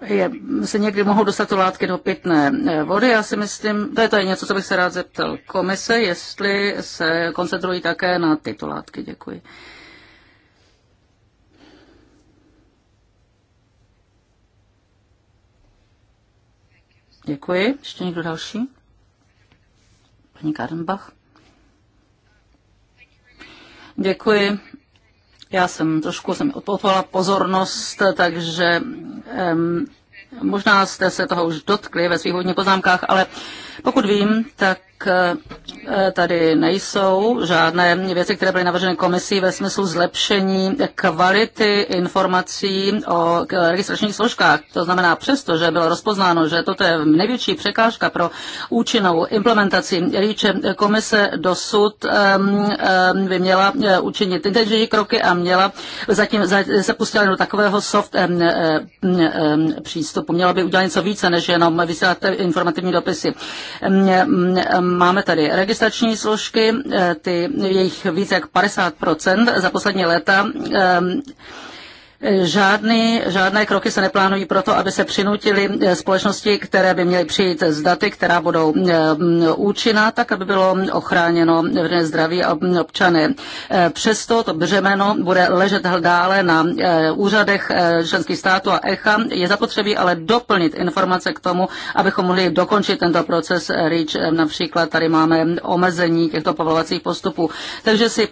je, se někdy mohou dostat to látky do pitné eh, vody. Já si myslím, to je, to je něco, co bych se rád zeptal komise, jestli se koncentrují také na tyto látky. Děkuji. Děkuji. Ještě někdo další? Paní Kardenbach. Děkuji. Já jsem trošku jsem odpovala pozornost, takže um, možná jste se toho už dotkli ve svých hodně poznámkách, ale uh, pokud vím, tak eh, tady nejsou žádné věci, které byly navrženy komisí ve smyslu zlepšení kvality informací o eh, registračních složkách. To znamená, přesto, že bylo rozpoznáno, že toto je největší překážka pro účinnou implementaci líče eh, komise dosud by měla učinit intenzivní kroky a měla zatím se pustila do takového soft přístupu. Měla by udělat něco více, než jenom vysílat informativní dopisy. Máme tady registrační složky, eh, ty, jejich více jak 50% za poslední léta Žádný, žádné kroky se neplánují proto, aby se přinutili eh, společnosti, které by měly přijít z daty, která budou eh, účinná, tak aby bylo ochráněno zdraví občané. Eh, přesto to břemeno bude ležet dále na úřadech členských států a ECHA. Je zapotřebí ale doplnit informace k tomu, abychom mohli dokončit tento proces REACH. Například tady máme omezení těchto povolovacích postupů. Takže, si,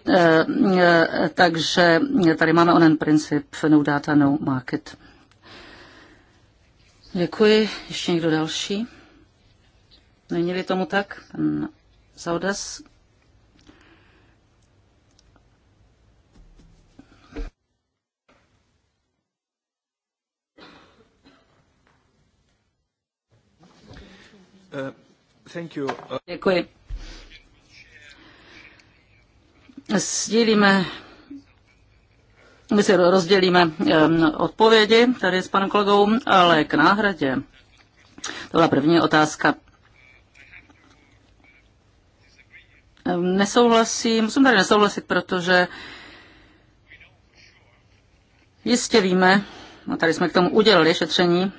takže tady máme onen princip no takzvanou data no market. Děkuji. Ještě někdo další? Není-li tomu tak? Pan Saudas? Uh, uh, Děkuji. Sdílíme my si rozdělíme odpovědi tady s panem kolegou, ale k náhradě. To byla první otázka. Nesouhlasím, musím tady nesouhlasit, protože jistě víme, a tady jsme k tomu udělali šetření,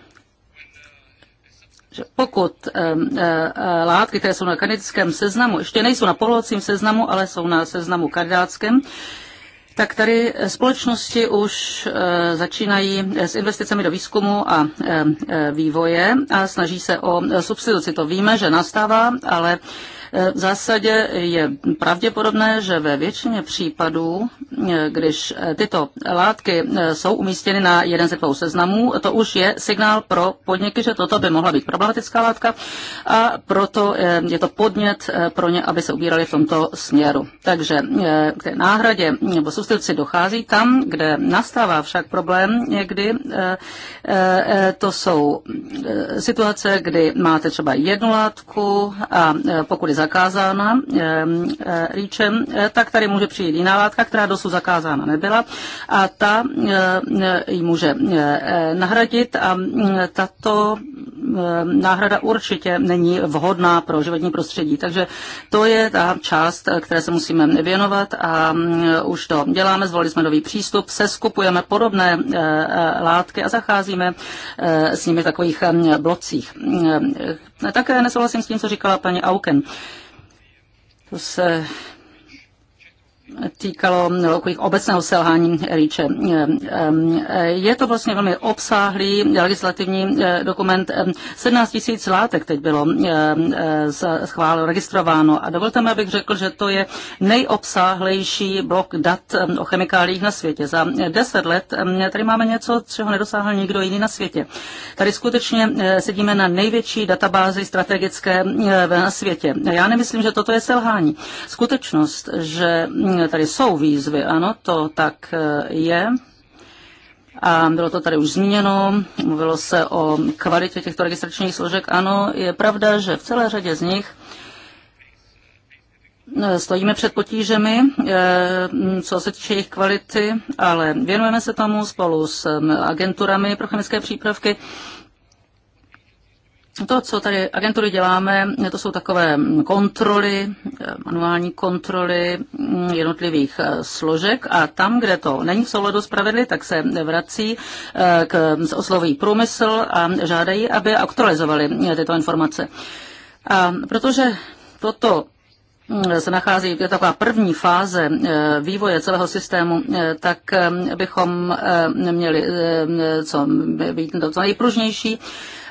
že pokud e, e, látky, které jsou na kandidátském seznamu, ještě nejsou na povolovacím seznamu, ale jsou na seznamu kandidátském, tak tady společnosti už eh, začínají eh, s investicemi do výzkumu a eh, vývoje a snaží se o substituci. To víme, že nastává, ale E, v zásadě je pravděpodobné, že ve většině případů, e, když e, tyto látky jsou umístěny na jeden ze dvou seznamů, to už je signál pro podniky, že toto by mohla být problematická látka a proto je to podnět pro ně, aby se ubírali v tomto směru. Takže k té náhradě nebo substituci dochází tam, kde nastává však problém někdy, to jsou situace, kdy máte třeba jednu látku a pokud je zakázána ehm, eh, rýčem, eh, tak tady může přijít jiná látka, která dosud zakázána nebyla a ta eh, ji může nahradit a mm, tato ehm, náhrada určitě není vhodná pro životní prostředí. Takže to je ta část, které se musíme věnovat a mm, už to děláme, zvolili jsme nový přístup, seskupujeme podobné látky a zacházíme s nimi v takových ehm, blocích. Také nesouhlasím s tím, co říkala paní Auken. To se týkalo obecného selhání REACHe. Je to vlastně velmi obsáhlý legislativní eh, dokument. 17 tisíc látek teď bylo eh, eh, schváleno, registrováno a dovolte mi, abych řekl, že to je nejobsáhlejší blok dat o chemikáliích na světě. Za 10 let tady máme něco, čeho nedosáhl nikdo jiný na světě. Tady skutečně sedíme na největší databázi strategické na světě. Já nemyslím, že toto je selhání. Skutečnost, že mm, tady jsou výzvy, ano, to tak e, je. A bylo to tady už zmíněno, mluvilo se o kvalitě těchto registračních složek. Ano, je pravda, že v celé řadě z nich e, Stojíme před potížemi, e, co se týče jejich kvality, ale věnujeme se tomu spolu s agenturami pro chemické přípravky. To, co tady agentury děláme, to jsou takové kontroly, eh, manuální kontroly mm, jednotlivých eh, složek a tam, kde to není v souladu s pravidly, tak se vrací eh, k osloví průmysl a žádají, aby aktualizovali tyto informace. A protože toto mm, se nachází v taková první fáze vývoje celého systému, tak bychom měli co, být to co nejpružnější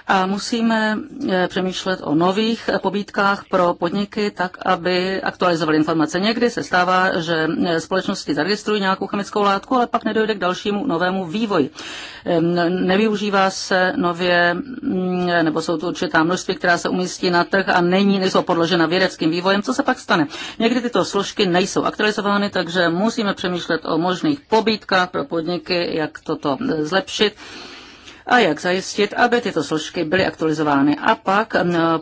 a musíme eh, přemýšlet o nových eh, pobídkách pro podniky, tak aby aktualizovali informace. Někdy se stává, že eh, společnosti zaregistrují nějakou chemickou látku, ale pak nedojde k dalšímu novému vývoji. Ehm, nevyužívá se nově, mm, nebo jsou tu určitá množství, která se umístí na trh a není, nejsou podložena vědeckým vývojem. Co se pak stane? Někdy tyto složky nejsou aktualizovány, takže musíme přemýšlet o možných pobídkách pro podniky, jak toto zlepšit a jak zajistit, aby tyto složky byly aktualizovány. A pak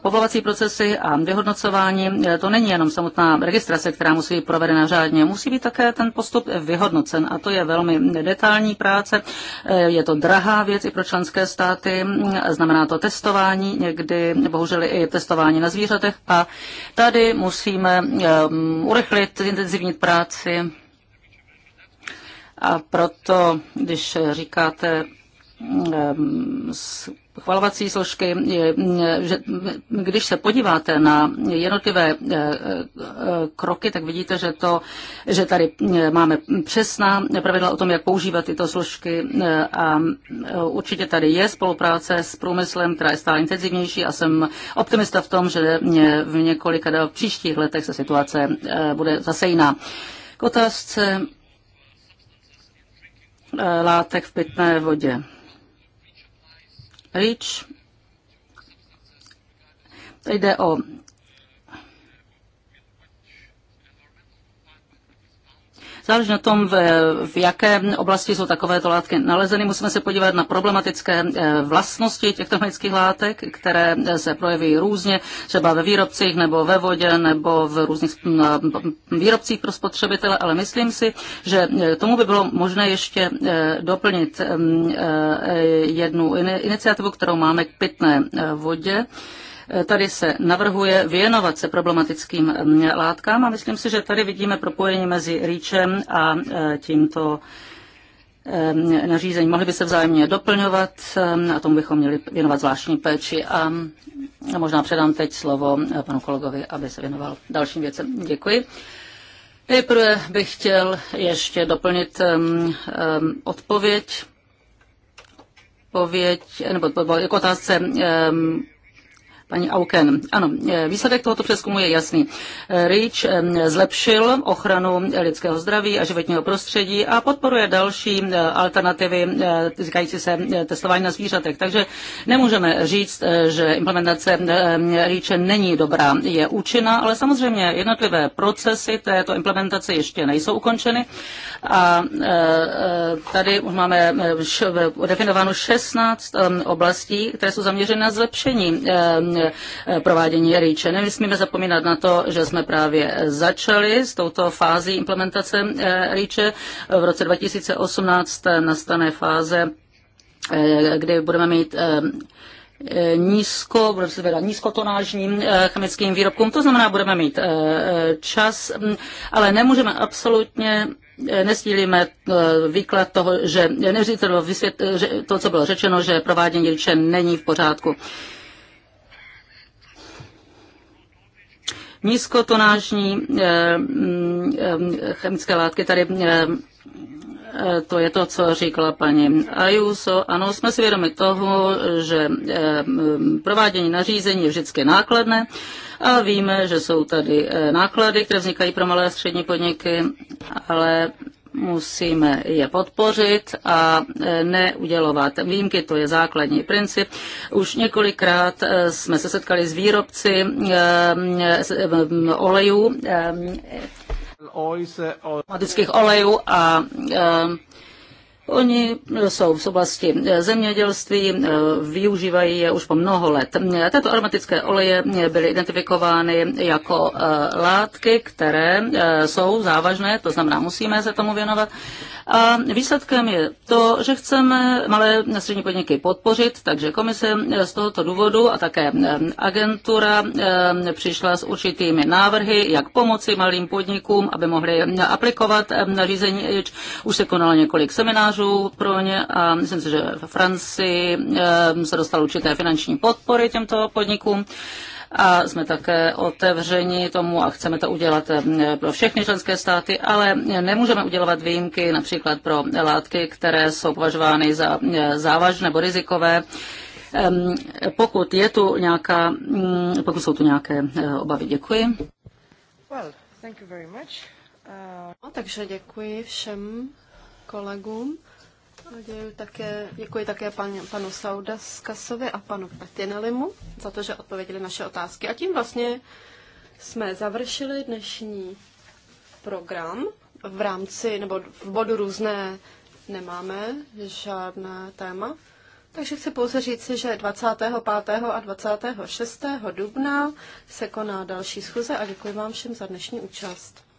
povolací procesy a vyhodnocování, e, to není jenom samotná registrace, která musí být provedena řádně, musí být také ten postup vyhodnocen a to je velmi detailní práce. E, je to drahá věc i pro členské státy, znamená to testování, někdy bohužel i testování na zvířatech a tady musíme e, urychlit, intenzivnit práci a proto, když říkáte Ehm, chvalovací složky, že když se podíváte na jednotlivé eh, eh, kroky, tak vidíte, že, to, že tady eh, máme přesná pravidla o tom, jak používat tyto složky a určitě tady je spolupráce s průmyslem, která je stále intenzivnější a jsem optimista v tom, že v několika v příštích letech se situace bude zase jiná. K otázce látek v pitné vodě. REACH. Tady jde o Záleží na tom, v, v jaké oblasti jsou takovéto látky nalezeny. Musíme se podívat na problematické eh, vlastnosti těchto chemických látek, které eh, se projeví různě, třeba ve výrobcích nebo ve vodě nebo v různých hm, hm, hm, výrobcích pro spotřebitele, ale myslím si, že eh, tomu by bylo možné ještě doplnit jednu iniciativu, kterou máme k pitné vodě. Tady se navrhuje věnovat se problematickým mm, látkám a myslím si, že tady vidíme propojení mezi REACHem a e, tímto e, nařízení mohly by se vzájemně doplňovat e, a tomu bychom měli věnovat zvláštní péči. A možná předám teď slovo panu kolegovi, aby se věnoval dalším věcem. Děkuji. Nejprve bych chtěl ještě doplnit um, um, odpověď, odpověď nebo jako otázce um, paní Auken. Ano, e, výsledek tohoto přeskumu je jasný. E, REACH e, zlepšil ochranu lidského zdraví a životního prostředí a podporuje další alternativy týkající se testování na zvířatech. Takže nemůžeme říct, že implementace REACHe není dobrá. Je účinná, ale samozřejmě jednotlivé procesy této implementace ještě nejsou ukončeny. A tady už máme definováno 16 oblastí, které jsou zaměřeny na zlepšení týče eh, provádění REACH. Nemyslíme zapomínat na to, že jsme právě začali s touto fází implementace REACH. V roce 2018 nastane fáze, eh, kdy budeme mít eh, nízko, nízkotonážním chemickým výrobkům. To znamená, budeme mít čas, mm, ale nemůžeme absolutně nestílíme výklad toho, že, nevzít, to, že to, co bylo řečeno, že provádění řeče není v pořádku. nízkotonážní eh, mm, eh, chemické látky tady eh, to je to, co říkala paní Ajuso. Ano, jsme si vědomi toho, že mm, provádění nařízení je vždycky nákladné a víme, že jsou tady náklady, které vznikají pro malé a střední podniky, ale musíme je podpořit a e, neudělovat výjimky, to je základní princip. Už několikrát e, jsme se setkali s výrobci e, olejů, matických olejů a Oni jsou v oblasti eh, zemědělství, eh, využívají je už po mnoho let. Eh, Tato aromatické oleje byly identifikovány jako látky, které jsou závažné, to znamená, musíme se tomu věnovat. A výsledkem je to, že chceme malé a střední podniky podpořit, takže komise z tohoto důvodu a také eh, agentura eh, přišla s určitými návrhy, jak pomoci malým podnikům, aby mohli eh, aplikovat řízení Už se konalo několik seminářů pro ně a myslím si, že v Francii se dostalo určité finanční podpory těmto podnikům a jsme také otevřeni tomu a chceme to udělat eh, pro všechny členské státy, ale nemůžeme udělovat výjimky například pro látky, které jsou považovány za eh, závažné nebo rizikové. Pokud, je tu nějaká, mm, pokud jsou tu nějaké eh, obavy, děkuji. Well, thank you very much. Uh... No, takže děkuji všem kolegům. Děkuji také, děkuji také pan, panu Saudaskasovi a panu Petinelimu za to, že odpověděli naše otázky. A tím vlastně jsme završili dnešní program. V rámci, nebo v bodu různé nemáme žádné téma. Takže chci pouze říci, že 25. a 26. dubna se koná další schůze a děkuji vám všem za dnešní účast.